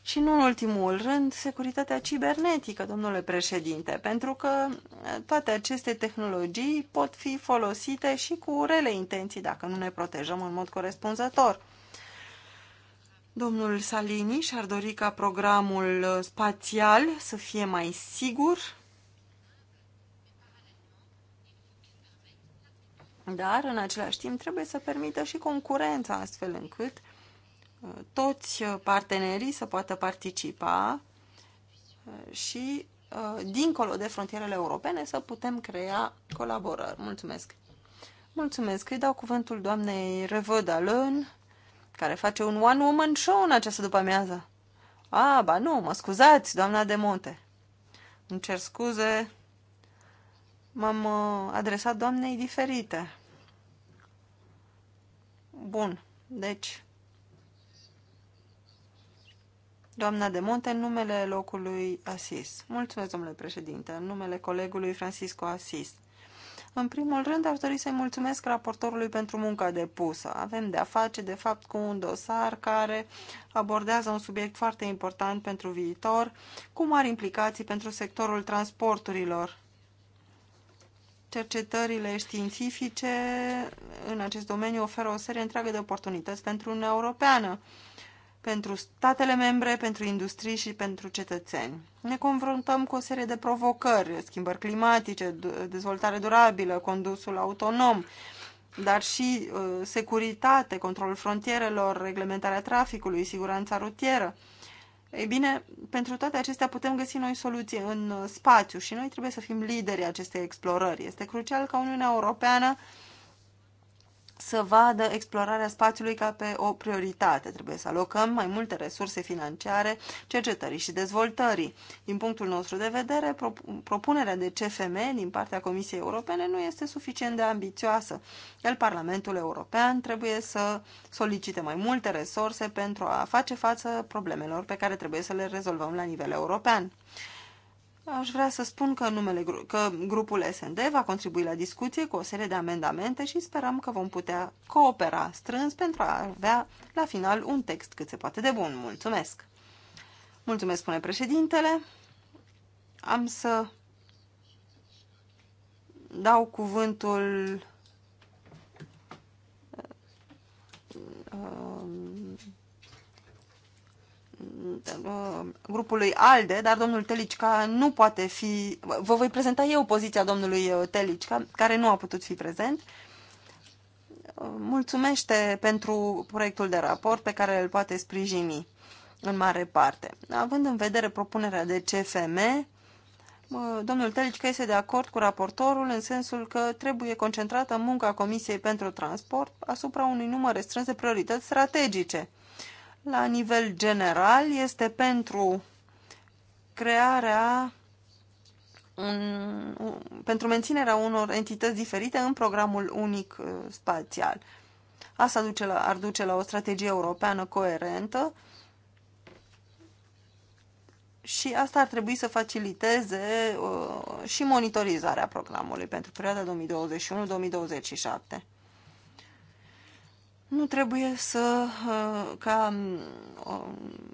Și nu în ultimul rând, securitatea cibernetică, domnule președinte, pentru că toate aceste tehnologii pot fi folosite și cu rele intenții dacă nu ne protejăm în mod corespunzător. Domnul Salini și-ar dori ca programul spațial să fie mai sigur, dar în același timp trebuie să permită și concurența astfel încât uh, toți uh, partenerii să poată participa uh, și dincolo de frontierele europene să putem crea colaborări. Mulțumesc! Mulțumesc! Îi dau cuvântul doamnei Revădalân, care face un one-woman show în această după-amiază. A, ba nu, mă scuzați, doamna de Monte. Îmi cer scuze, m-am adresat doamnei diferite. Bun, deci... Doamna de Monte, în numele locului Asis. Mulțumesc, domnule președinte, în numele colegului Francisco Asis. În primul rând, aș dori să-i mulțumesc raportorului pentru munca depusă. Avem de-a face, de fapt, cu un dosar care abordează un subiect foarte important pentru viitor, cu mari implicații pentru sectorul transporturilor. Cercetările științifice în acest domeniu oferă o serie întreagă de oportunități pentru Uniunea Europeană, pentru statele membre, pentru industrii și pentru cetățeni. Ne confruntăm cu o serie de provocări, schimbări climatice, dezvoltare durabilă, condusul autonom, dar și uh, securitate, controlul frontierelor, reglementarea traficului, siguranța rutieră. Ei bine, pentru toate acestea putem găsi noi soluții în spațiu și noi trebuie să fim lideri acestei explorări. Este crucial ca Uniunea Europeană să vadă explorarea spațiului ca pe o prioritate. Trebuie să alocăm mai multe resurse financiare cercetării și dezvoltării. Din punctul nostru de vedere, propunerea de CFM din partea Comisiei Europene nu este suficient de ambițioasă, el Parlamentul European trebuie să solicite mai multe resurse pentru a face față problemelor pe care trebuie să le rezolvăm la nivel european. Aș vrea să spun că, numele, că grupul SND va contribui la discuție cu o serie de amendamente și sperăm că vom putea coopera strâns pentru a avea la final un text cât se poate de bun. Mulțumesc! Mulțumesc, spune președintele. Am să dau cuvântul uh, Uh, grupului ALDE, dar domnul Telicica nu poate fi... Vă voi prezenta eu poziția domnului uh, Telicica, care nu a putut fi prezent. Uh, mulțumește pentru proiectul de raport pe care îl poate sprijini în mare parte. Având în vedere propunerea de CFM, domnul Telicica este de acord cu raportorul în sensul că trebuie concentrată munca Comisiei pentru Transport asupra unui număr restrâns de priorități strategice – la nivel general este pentru crearea un, pentru menținerea unor entități diferite în programul unic uh, spațial. Asta duce la, ar duce la o strategie europeană coerentă și asta ar trebui să faciliteze uh, și monitorizarea programului pentru perioada 2021-2027 nu trebuie să uh, ca uh,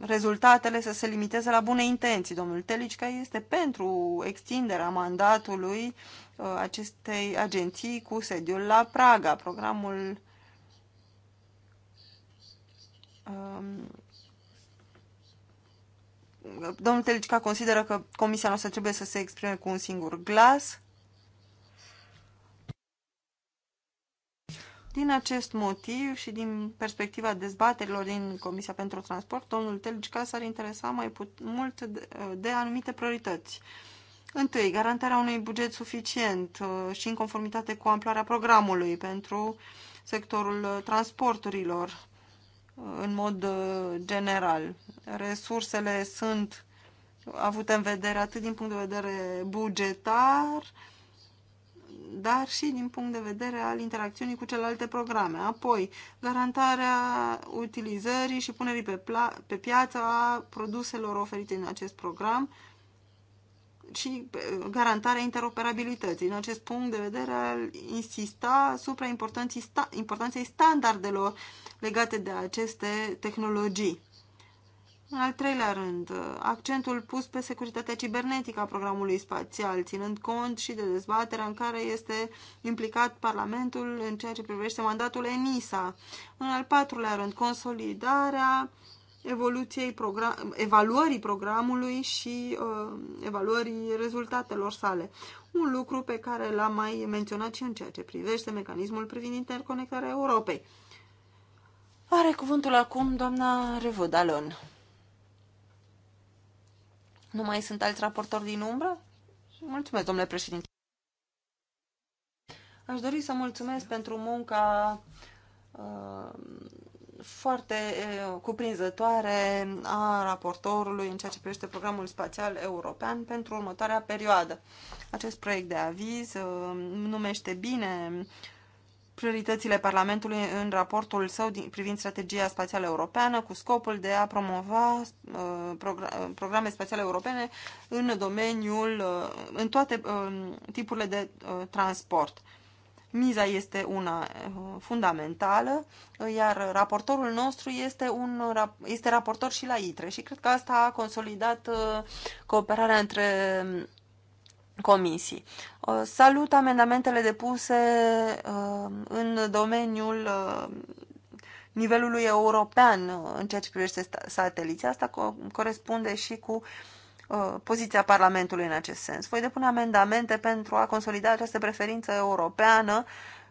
rezultatele să se limiteze la bune intenții. Domnul Telicica este pentru extinderea mandatului uh, acestei agenții cu sediul la Praga. Programul um, Domnul Telicica consideră că comisia noastră trebuie să se exprime cu un singur glas Din acest motiv și din perspectiva dezbaterilor din Comisia pentru Transport, domnul Telgica s-ar interesa mai mult de, de anumite priorități. Întâi, garantarea unui buget suficient uh, și în conformitate cu amploarea programului pentru sectorul uh, transporturilor uh, în mod general. Resursele sunt avute în vedere atât din punct de vedere bugetar, dar și din punct de vedere al interacțiunii cu celelalte programe. Apoi, garantarea utilizării și punerii pe, pe piață a produselor oferite în acest program și garantarea interoperabilității. În acest punct de vedere, al insista asupra importanței, sta, importanței standardelor legate de aceste tehnologii. În al treilea rând, accentul pus pe securitatea cibernetică a programului spațial, ținând cont și de dezbaterea în care este implicat Parlamentul în ceea ce privește mandatul ENISA. În al patrulea rând, consolidarea evoluției program, evaluării programului și uh, evaluării rezultatelor sale. Un lucru pe care l-am mai menționat și în ceea ce privește mecanismul privind interconectarea Europei. Are cuvântul acum doamna Revodalon. Nu mai sunt alți raportori din umbră? Mulțumesc, domnule președinte. Aș dori să mulțumesc pentru munca uh, foarte uh, cuprinzătoare a raportorului în ceea ce privește programul spațial european pentru următoarea perioadă. Acest proiect de aviz uh, numește bine uh, prioritățile Parlamentului în raportul său privind strategia spațială europeană cu scopul de a promova uh, uh, programe spațiale europene în domeniul, uh, în toate tipurile de transport. Miza este una fundamentală, iar raportorul nostru este, un, este raportor și la ITRE și cred că asta a consolidat cooperarea între comisii. Salut amendamentele depuse uh, în domeniul uh, nivelului european uh, în ceea ce privește sateliții. Asta corespunde și cu poziția Parlamentului în acest sens. Voi depune amendamente pentru a consolida această preferință europeană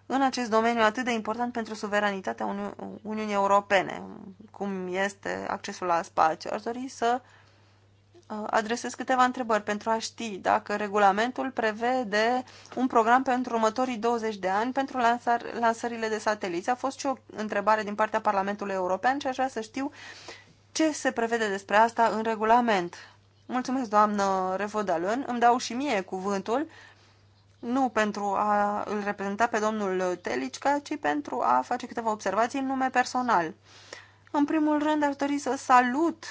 în acest domeniu atât de important pentru suveranitatea Uni Uniunii Europene, cum este accesul la spațiu. Aș dori să uh, Uh, adresez câteva întrebări pentru a ști dacă regulamentul prevede un program pentru următorii 20 de ani pentru lansar, lansările de sateliți. A fost și o întrebare din partea Parlamentului European și aș vrea să știu ce se prevede despre asta în regulament. Mulțumesc, doamnă Revodalân. Îmi dau și mie cuvântul, nu pentru a îl reprezenta pe domnul Telicca, ci pentru a face câteva observații în nume personal. În primul rând, ar dori să salut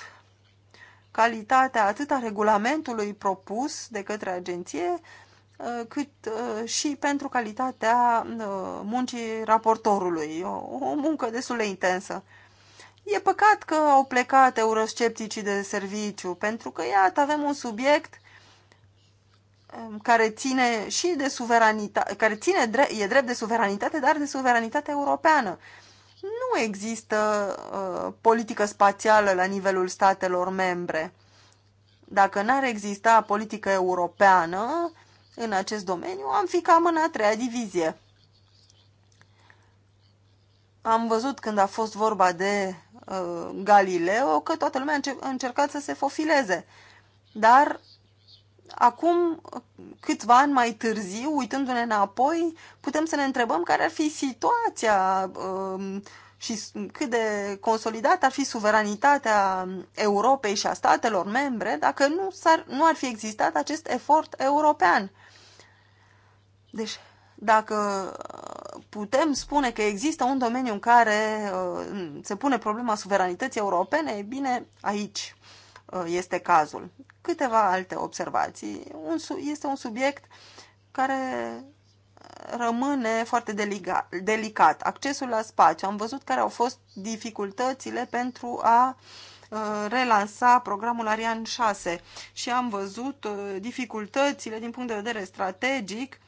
calitatea atât a regulamentului propus de către agenție, uh, cât uh, și pentru calitatea uh, muncii raportorului. O muncă destul de intensă. E păcat că au plecat euroscepticii de serviciu, pentru că, iată, avem un subiect um, care ține și de suveranitate, care ține, e drept de suveranitate, dar de suveranitate europeană nu există uh, politică spațială la nivelul statelor membre. Dacă n-ar exista politică europeană în acest domeniu, am fi cam în a treia divizie. Am văzut când a fost vorba de uh, Galileo că toată lumea a încercat să se fofileze. Dar acum câțiva ani mai târziu, uitându-ne înapoi, putem să ne întrebăm care ar fi situația um, și cât de consolidată ar fi suveranitatea Europei și a statelor membre dacă nu, ar nu ar fi existat acest efort european. Deci, dacă uh, putem spune că există un domeniu în care uh, se pune problema suveranității europene, e bine aici. Uh, este cazul. Câteva alte observații. Un, este un subiect care rămâne foarte deliga, delicat. Accesul la spațiu. Am văzut care au fost dificultățile pentru a uh, relansa programul Ariane 6 și am văzut uh, dificultățile din punct de vedere strategic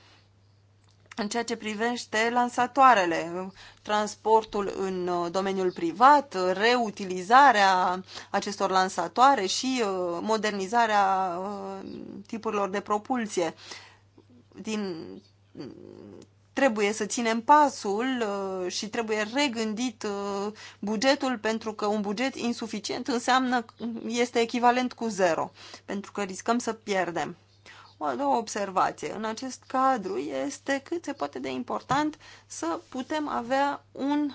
în ceea ce privește lansatoarele, transportul în uh, domeniul privat, reutilizarea acestor lansatoare și uh, modernizarea uh, tipurilor de propulsie. Din, trebuie să ținem pasul și trebuie regândit bugetul pentru că un buget insuficient înseamnă este echivalent cu zero, pentru că riscăm să pierdem o două observație. În acest cadru este cât se poate de important să putem avea un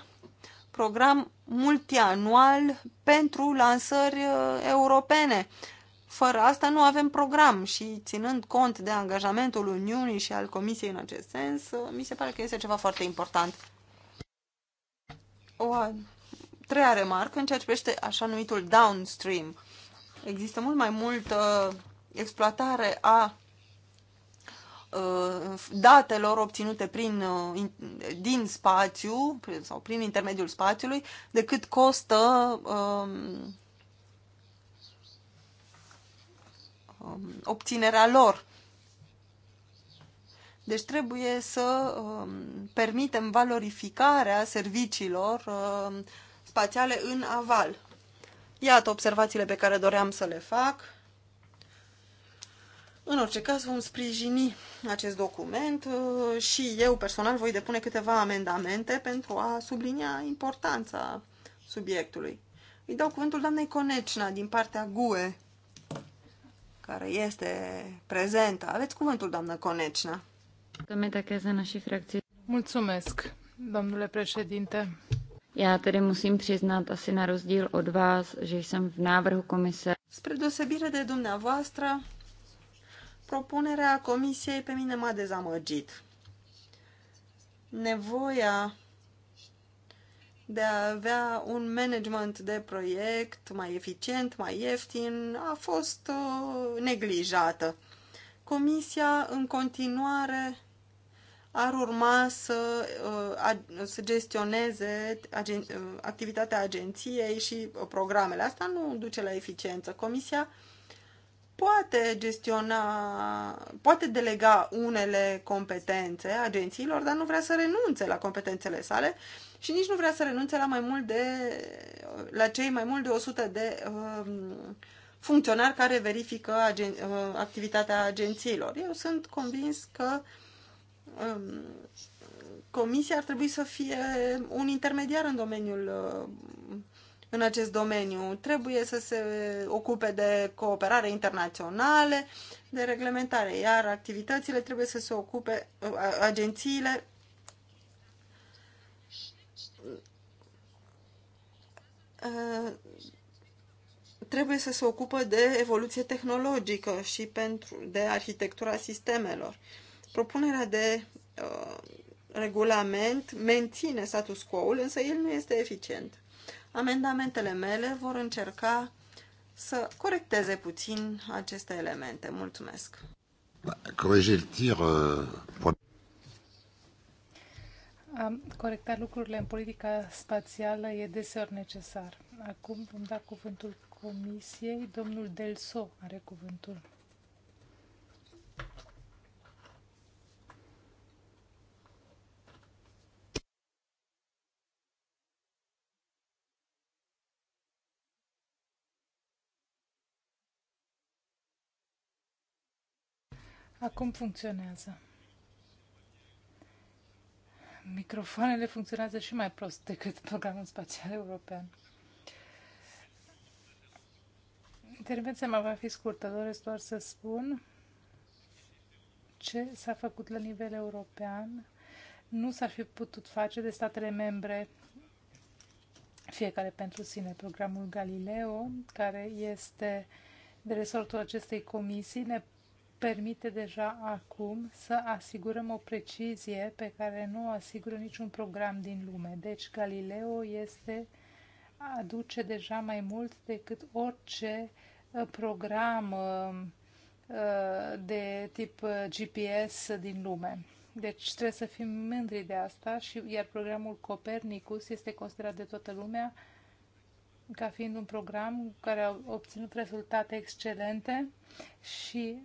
program multianual pentru lansări uh, europene. Fără asta nu avem program și ținând cont de angajamentul Uniunii și al Comisiei în acest sens, uh, mi se pare că este ceva foarte important. O a treia remarcă în ceea ce privește așa numitul downstream. Există mult mai multă exploatare a Uh, datelor obținute prin, uh, din spațiu sau prin intermediul spațiului decât costă um, um, obținerea lor. Deci trebuie să um, permitem valorificarea serviciilor um, spațiale în aval. Iată observațiile pe care doream să le fac. În orice caz, vom sprijini acest document uh, și eu personal voi depune câteva amendamente pentru a sublinia importanța subiectului. Îi dau cuvântul doamnei Conecina din partea GUE, care este prezentă. Aveți cuvântul, doamnă Conecna. Mulțumesc, domnule președinte. Já tedy musím přiznat asi na rozdíl od vás, že jsem v návrhu komise. Spre deosebire de dumneavoastră, Propunerea comisiei pe mine m-a dezamăgit. Nevoia de a avea un management de proiect mai eficient, mai ieftin, a fost uh, neglijată. Comisia în continuare ar urma să, uh, să gestioneze uh, activitatea agenției și programele. Asta nu duce la eficiență. Comisia poate gestiona, poate delega unele competențe agențiilor, dar nu vrea să renunțe la competențele sale și nici nu vrea să renunțe la mai mult de la cei mai mult de 100 de um, funcționari care verifică agen, uh, activitatea agențiilor. Eu sunt convins că um, comisia ar trebui să fie un intermediar în domeniul uh, în acest domeniu. Trebuie să se ocupe de cooperare internaționale, de reglementare, iar activitățile trebuie să se ocupe, agențiile trebuie să se ocupă de evoluție tehnologică și pentru, de arhitectura sistemelor. Propunerea de uh, regulament menține status quo-ul, însă el nu este eficient. Amendamentele mele vor încerca să corecteze puțin aceste elemente. Mulțumesc! Corriger le tir euh, a corecta lucrurile în politica spațială e deseori necesar. Acum vom da cuvântul Comisiei. Domnul Delso are cuvântul. Acum funcționează. Microfoanele funcționează și mai prost decât programul spațial european. Intervenția mea va fi scurtă, doresc doar să spun ce s-a făcut la nivel european nu s-ar fi putut face de statele membre fiecare pentru sine. Programul Galileo, care este de resortul acestei comisii, ne permite deja acum să asigurăm o precizie pe care nu o asigură niciun program din lume. Deci Galileo este, aduce deja mai mult decât orice uh, program uh, uh, de tip GPS din lume. Deci trebuie să fim mândri de asta și iar programul Copernicus este considerat de toată lumea ca fiind un program care a obținut rezultate excelente și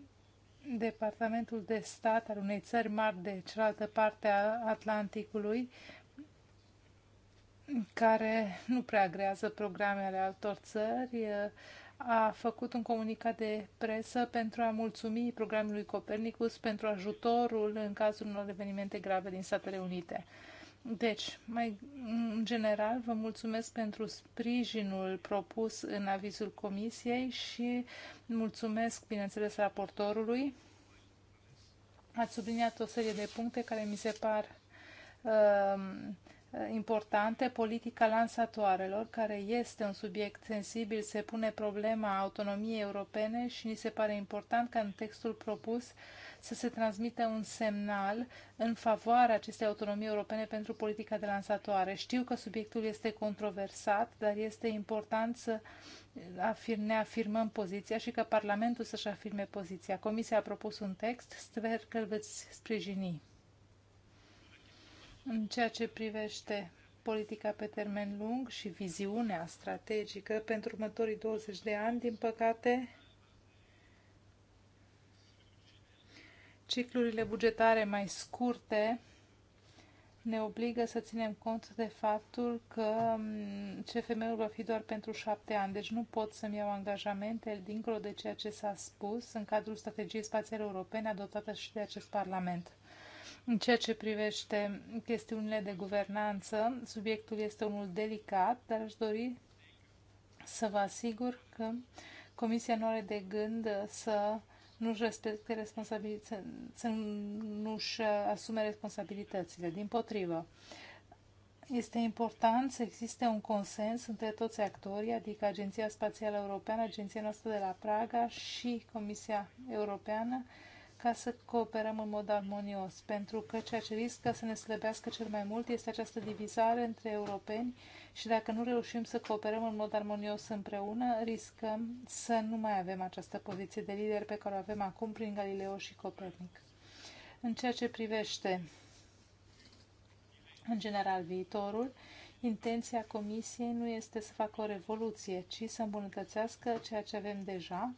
Departamentul de Stat al unei țări mari de cealaltă parte a Atlanticului, care nu prea grează programe ale altor țări, a făcut un comunicat de presă pentru a mulțumi programului Copernicus pentru ajutorul în cazul unor evenimente grave din Statele Unite. Deci, mai în general, vă mulțumesc pentru sprijinul propus în avizul comisiei și mulțumesc, bineînțeles, raportorului. Ați subliniat o serie de puncte care mi se par uh, importante. Politica lansatoarelor, care este un subiect sensibil, se pune problema autonomiei europene și mi se pare important ca în textul propus uh, să se transmită un semnal în favoarea acestei autonomii europene pentru politica de lansatoare. Știu că subiectul este controversat, dar este important să afir, ne afirmăm poziția și că Parlamentul să-și afirme poziția. Comisia a propus un text, sper că îl veți sprijini. În ceea ce privește politica pe termen lung și viziunea strategică pentru următorii 20 de ani, din păcate, ciclurile bugetare mai scurte ne obligă să ținem cont de faptul că mm, CFM-ul va fi doar pentru șapte ani, deci nu pot să-mi iau angajamente dincolo de ceea ce s-a spus în cadrul strategiei spațiale europene adoptată și de acest Parlament. În ceea ce privește chestiunile de guvernanță, subiectul este unul delicat, dar aș dori să vă asigur că Comisia nu are de gând să nu-și respecte responsabilitățile, nu-și uh, asume responsabilitățile. Din potrivă, este important să existe un consens între toți actorii, adică Agenția Spațială Europeană, Agenția noastră de la Praga și Comisia Europeană, ca să cooperăm în mod armonios, pentru că ceea ce riscă să ne slăbească cel mai mult este această divizare între europeni și dacă nu reușim să cooperăm în mod armonios împreună, riscăm să nu mai avem această poziție de lider pe care o avem acum prin Galileo și Copernic. În ceea ce privește, în general, viitorul, intenția Comisiei nu este să facă o revoluție, ci să îmbunătățească ceea ce avem deja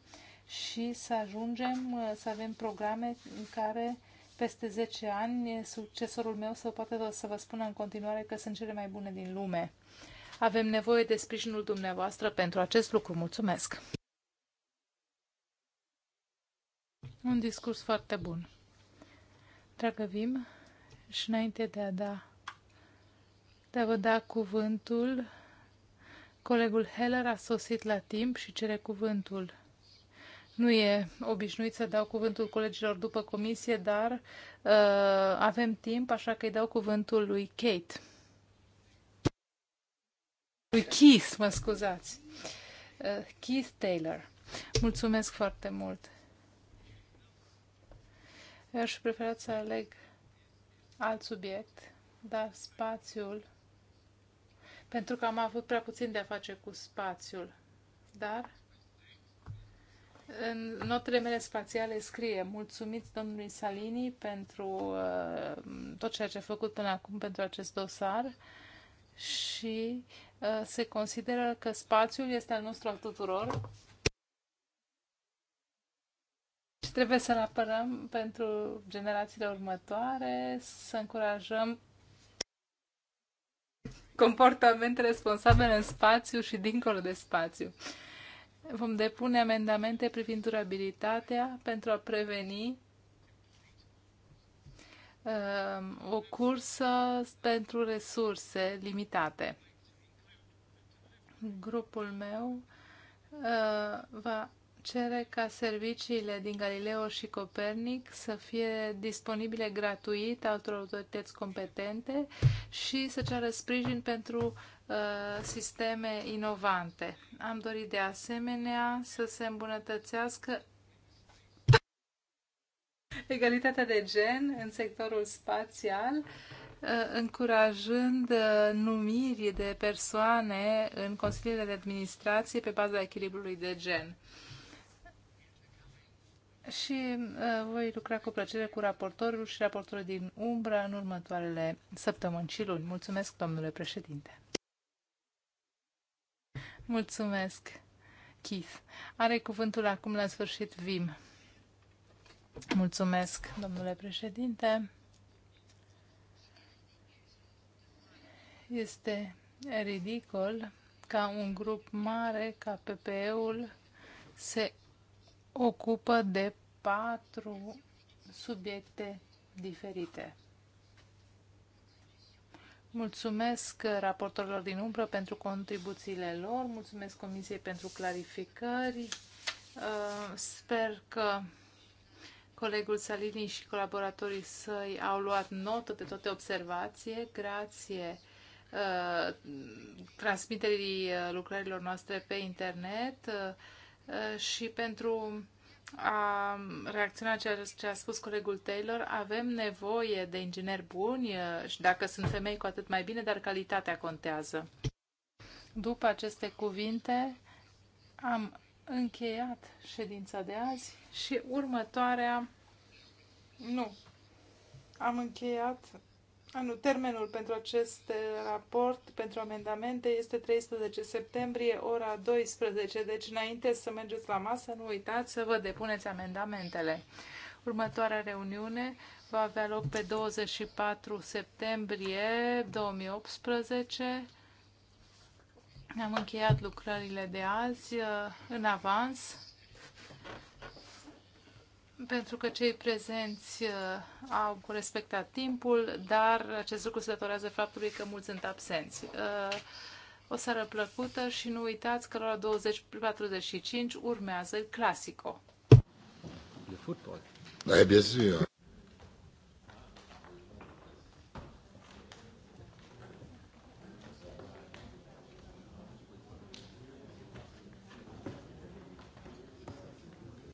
și să ajungem să avem programe în care peste 10 ani succesorul meu să poată să vă spună în continuare că sunt cele mai bune din lume. Avem nevoie de sprijinul dumneavoastră pentru acest lucru. Mulțumesc! Un discurs foarte bun. Dragă Vim, și înainte de a da de a vă da cuvântul, colegul Heller a sosit la timp și cere cuvântul. Nu e obișnuit să dau cuvântul colegilor după comisie, dar uh, avem timp, așa că îi dau cuvântul lui Kate lui Keith, mă scuzați. Uh, Keith Taylor. Mulțumesc foarte mult. Eu aș prefera să aleg alt subiect, dar spațiul, pentru că am avut prea puțin de a face cu spațiul. Dar în notele mele spațiale scrie mulțumiți domnului Salini pentru uh, tot ceea ce a făcut până acum pentru acest dosar și Uh, se consideră că spațiul este al nostru al tuturor și trebuie să-l apărăm pentru generațiile următoare, să încurajăm comportamente responsabile în spațiu și dincolo de spațiu. Vom depune amendamente privind durabilitatea pentru a preveni uh, o cursă pentru resurse limitate grupul meu uh, va cere ca serviciile din Galileo și Copernic să fie disponibile gratuit altor autorități competente și să ceară sprijin pentru uh, sisteme inovante. Am dorit de asemenea să se îmbunătățească egalitatea de gen în sectorul spațial uh, Uh, încurajând uh, numiri de persoane în consiliile de administrație pe baza echilibrului de gen. Și uh, voi lucra cu plăcere cu raportorul și raportorul din Umbra în următoarele săptămâni și luni. Mulțumesc, domnule președinte! Mulțumesc, Keith. Are cuvântul acum la sfârșit Vim. Mulțumesc, domnule președinte. Este ridicol ca un grup mare, ca PPE-ul, se ocupă de patru subiecte diferite. Mulțumesc raportorilor din umbră pentru contribuțiile lor, mulțumesc Comisiei pentru clarificări. Uh, sper că colegul Salini și colaboratorii săi au luat notă de toate observație. Grație Uh, transmiterii uh, lucrărilor noastre pe internet uh, și pentru a reacționa ceea ce a spus colegul Taylor, avem nevoie de ingineri buni și dacă sunt femei cu atât mai bine, dar calitatea contează. După aceste cuvinte, am încheiat ședința de azi și următoarea... Nu. Am încheiat Anul, ah, termenul pentru acest eh, raport, pentru amendamente, este 13 septembrie, ora 12. Deci, înainte să mergeți la masă, nu uitați să vă depuneți amendamentele. Următoarea reuniune va avea loc pe 24 septembrie 2018. Am încheiat lucrările de azi eh, în avans pentru că cei prezenți uh, au respectat timpul, dar acest lucru se datorează faptului că mulți sunt absenți. Uh, o seară plăcută și nu uitați că la 20.45 urmează Clasico. De football. Da, e bine